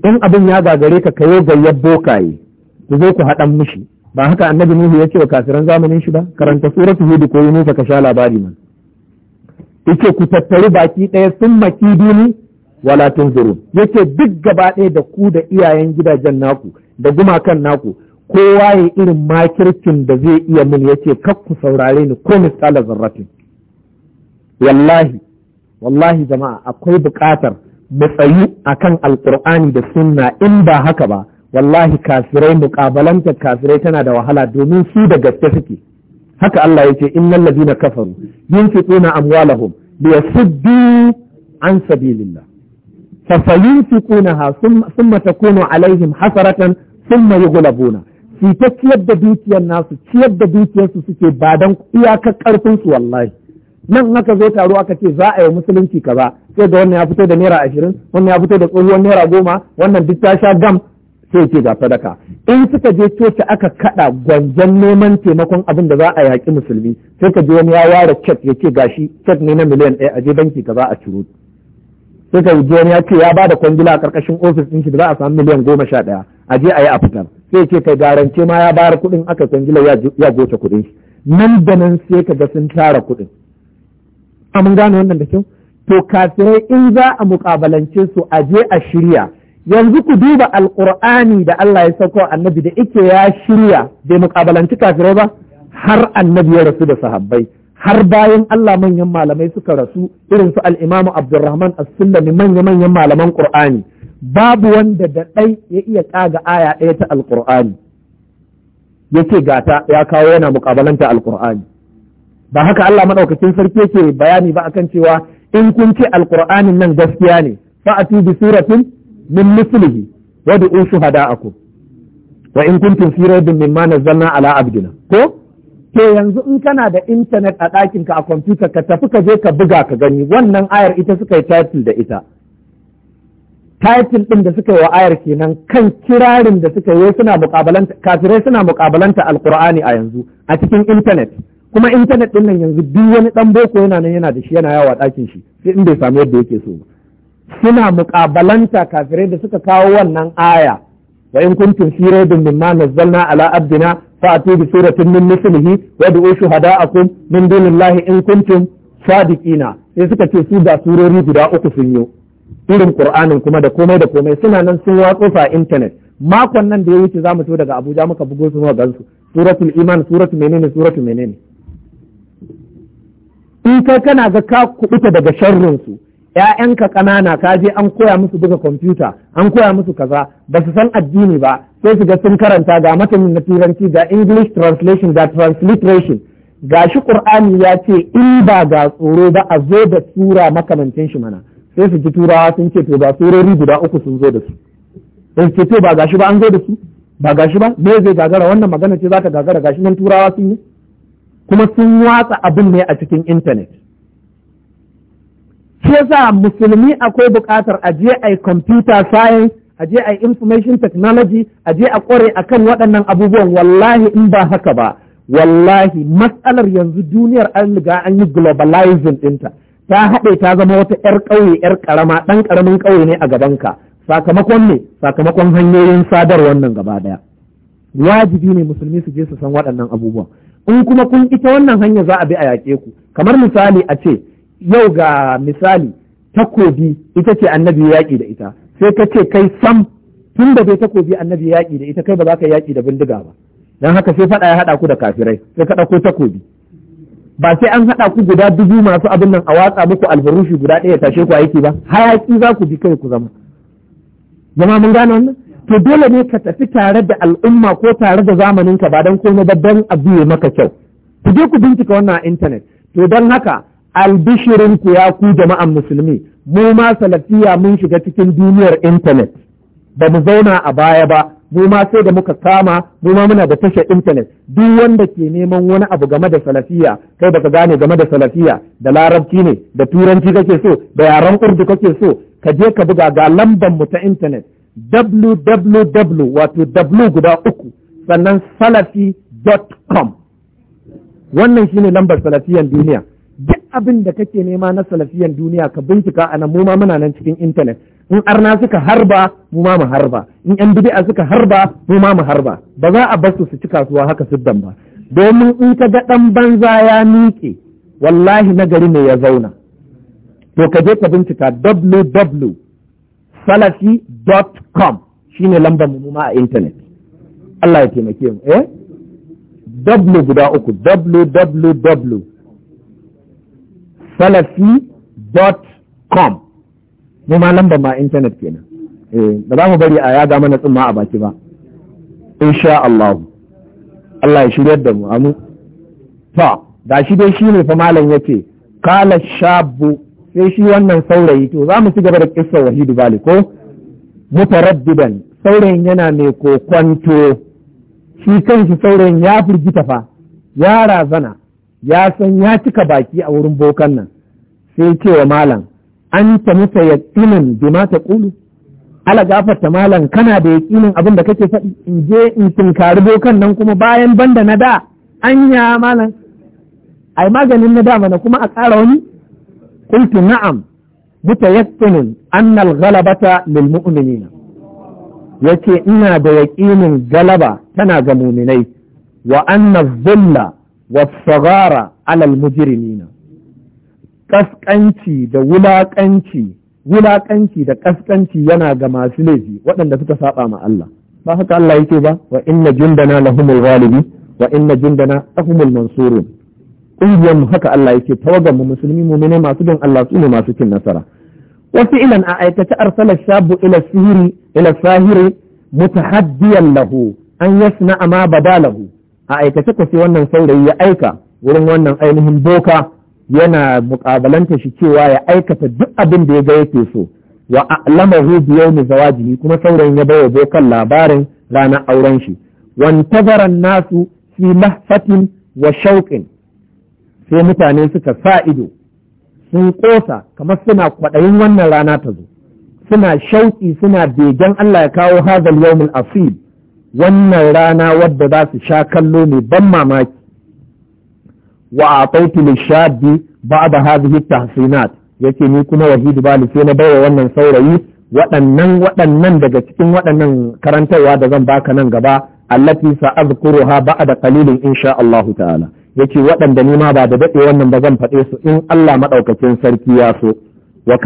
in abin ya gagare ka kayo gayyar bokaye ku zo ku haɗan mishi ba haka annabi nuhu ya ce wa kafiran zamanin shi ba karanta suratu hudu ko yunusa ka sha labari man yace ku tattaru baki ɗaya sun maki duni wala tunzuru yace duk gaba ɗaya da ku da iyayen gidajen naku da gumakan naku kowa ya irin makircin da zai iya mun yace kar ku saurare ni ko misala zarratin wallahi wallahi jama'a akwai buƙatar mu tsayu a kan alkur'ani da sunna in ba haka ba wallahi kafirai muƙabalantar kafirai tana da wahala domin su da gaske suke haka Allah ya ce in innal na kafaru yunfiquna amwalahum liyasuddu an sabilillah fa mace thumma takunu alaihim hasaratan thumma yughlabuna su ta ciyar da dukiyar nasu ciyar da dukiyarsu suke ba dan iyakar karfin wallahi nan haka zo taro aka ce za a yi musulunci kaza sai ga wannan ya fito da naira ashirin wannan ya fito da tsohuwar naira goma wannan duk ta sha gam sai ce ga sadaka in suka je coci aka kaɗa gwanjan neman taimakon abin da za a yaƙi musulmi sai ka je wani ya ware cek ya ce gashi cek ne na miliyan ɗaya a je banki ka kaza a ciro sai ka je wani ya ce ya ba da kwangila a ƙarƙashin ofis ɗin shi da za a samu miliyan goma sha ɗaya a je a yi a fitar sai ce kai garance ma ya bayar kuɗin aka kwangila ya goce kuɗin nan da nan sai ka ga sun tara kuɗin Ah, mun gane wannan da kyau to kafirai in za a mukabalance su a je a shirya yanzu ku duba alqur'ani da Allah ya sauko annabi da ike ya shirya bai mukabalanci kafirai ba har annabi ya rasu da sahabbai har bayan Allah manyan malamai suka rasu irin su al-Imam Abdurrahman As-Sullami manya-manyan malaman Qur'ani babu wanda da ɗai ya iya kaga aya ɗaya ta al-Qur'ani yake gata ya kawo yana mukabalanta al-Qur'ani ba haka Allah madaukakin sarki yake bayani ba akan cewa in kun ce alqur'anin nan gaskiya ne fa'atu bi suratin min mislihi wa du'u shuhada'akum wa in kuntum fi raibin mimma nazzalna ala abdina ko Ke yanzu in kana da intanet a ɗakin ka a kwamfuta ka tafi ka je ka buga ka gani wannan ayar ita suka yi title da ita title ɗin da suka yi wa ayar kenan kan kirarin da suka yi suna mukabalanta kafirai suna muƙabalanta alqur'ani a yanzu a cikin intanet kuma intanet ɗin nan yanzu duk wani ɗan boko yana nan yana da shi yana yawa ɗakin shi sai in bai samu yadda yake so ba suna muƙabalanta kafirai da suka kawo wannan aya wa in kuntum fi raibin mimma nazzalna ala abdina atu bi suratin min mislihi wa du'u shuhada'akum min dunillahi in kuntum sadiqina sai suka ce su da surori guda uku sun yi irin qur'anin kuma da komai da komai suna nan sun watsa fa internet makon nan da ya wuce zamu to daga Abuja muka bugo su mu gansu suratul iman suratul menene suratul menene in kai kana ga ka kubuta daga sharrin su ƴaƴanka ƙanana ka je an koya musu buga kwamfuta an koya musu kaza ba su san addini ba sai su ga sun karanta ga matanin na turanci ga english translation ga transliteration ga shi qur'ani ya ce in ba ga tsoro ba a zo da tura makamancin shi mana sai su ji turawa sun ce to ba tsorori guda uku sun zo da su sai su ce to ba ga shi ba an zo da su ba ga shi ba me zai gagara wannan magana ce za ta gagara ga shi nan turawa sun yi kuma sun watsa abin ne a cikin intanet shi yasa musulmi akwai bukatar a je a computer science a je a information technology a je a a akan waɗannan abubuwan wallahi in ba haka ba wallahi matsalar yanzu duniyar an riga an yi globalizing dinta ta haɗe ta zama wata 'yar ƙauye 'yar ƙarama ɗan ƙaramin ƙauye ne a gabanka sakamakon ne sakamakon hanyoyin sadarwar nan gaba ɗaya wajibi ne musulmi su je su san waɗannan abubuwan in kuma kun ita wannan hanya za a bi a yaƙe ku kamar misali a ce yau ga misali takobi ita ce annabi yaƙi da ita sai ka ce kai sam tun da bai takobi annabi yaƙi da ita kai ba za ka yaƙi da bindiga ba don haka sai faɗa ya haɗa ku da kafirai sai ka ɗauko takobi ba sai an haɗa ku guda dubu masu abin nan a watsa muku alfarushi guda ɗaya tashe ku aiki ba hayaki za ku bi kai ku zama zama mun gane wannan to dole ne ka tafi tare da al'umma ko tare da zamaninka ba don komai ba don abu ya maka kyau ku je ku bincika wannan a intanet to don haka albishirin ku ya ku jama'an musulmi mu ma salafiya mun shiga cikin duniyar intanet ba mu zauna a baya ba mu ma sai da muka kama mu ma muna da tashar intanet duk wanda ke neman wani abu game da salafiya kai baka gane game da salafiya da larabci ne da turanci kake so da yaren urdu kake so ka je ka buga ga lambar mu ta intanet www wato w guda uku sannan salafi.com wannan shine lambar salafiyan duniya duk abin da kake nema na salafiyan duniya ka bincika a nan mu ma muna nan cikin intanet in arna suka harba mu ma mu harba in yan bid'a suka harba mu ma mu harba ba za a bar su su ci kasuwa haka siddan ba domin in ka ga dan banza ya miƙe wallahi nagari ne ya zauna to ka je ka bincika www.salafi.com shi ne lambar mu ma a intanet Allah ya taimake mu eh w guda uku www.salafi.com mu ma lambar ma a intanet kenan eh ba za mu bari a yaga mana tsumma a baki ba insha Allah Allah ya shirya da mu amu ta shi dai ne fa malam yace kala shabu sai shi wannan saurayi to za mu ci gaba da kissa wahidu bali ko mutaraddidan saurayin yana mai kokonto shi kanshi saurayin ya firgita fa ya razana ya san ya cika baki a wurin bokan nan sai ce wa malam an ta musa yaqinin bima ta kulu ala gafarta malam kana da yaƙinin abin da kake faɗi in je in tunkari bokan nan kuma bayan banda na da anya malam ai maganin na da mana kuma a ƙara wani قلت نعم متيقن أن الغلبة للمؤمنين يكي إنا بيقين غلبة تنا جمومني وأن الظل والصغار على المجرمين kaskanci da wulakanci wulakanci da kaskanci yana ga masu laifi waɗanda suka saba ma Allah ba haka Allah yake ba wa inna jundana lahumul ghalibi wa inna jundana lahumul mansurun ƙungiyar mu haka Allah yake tawagar mu musulmi mu'mine masu don Allah su ne masu cin nasara wasu ilan a aikace arsala shabu ila sihiri ila sahiri mutahaddiyan lahu an yasna ma badalahu a aikace ku sai wannan saurayi ya aika wurin wannan ainihin boka yana mukabalanta shi cewa ya aikata duk abin da ya ga yake so wa a'lamahu bi yawmi zawajihi kuma saurayin ya bawa bokan labarin ranar auren shi wan tazaran nasu fi lahfatin wa shauqin sai mutane suka sa ido sun ƙosa kamar suna kwaɗayin wannan rana ta zo suna shauƙi suna begen Allah ya kawo hazal yawmul asib wannan rana wadda za su sha kallo mai ban mamaki wa ataitu ba da hadhihi tahsinat yake ni kuma wahidu bali sai na baiwa wannan saurayi waɗannan waɗannan daga cikin waɗannan karantarwa da zan baka nan gaba allati sa'azkuruha ba'da qalilin insha Allah ta'ala yake waɗanda nima ba da daɗe wannan ba zan faɗe su in Allah maɗaukacin sarki ya so wa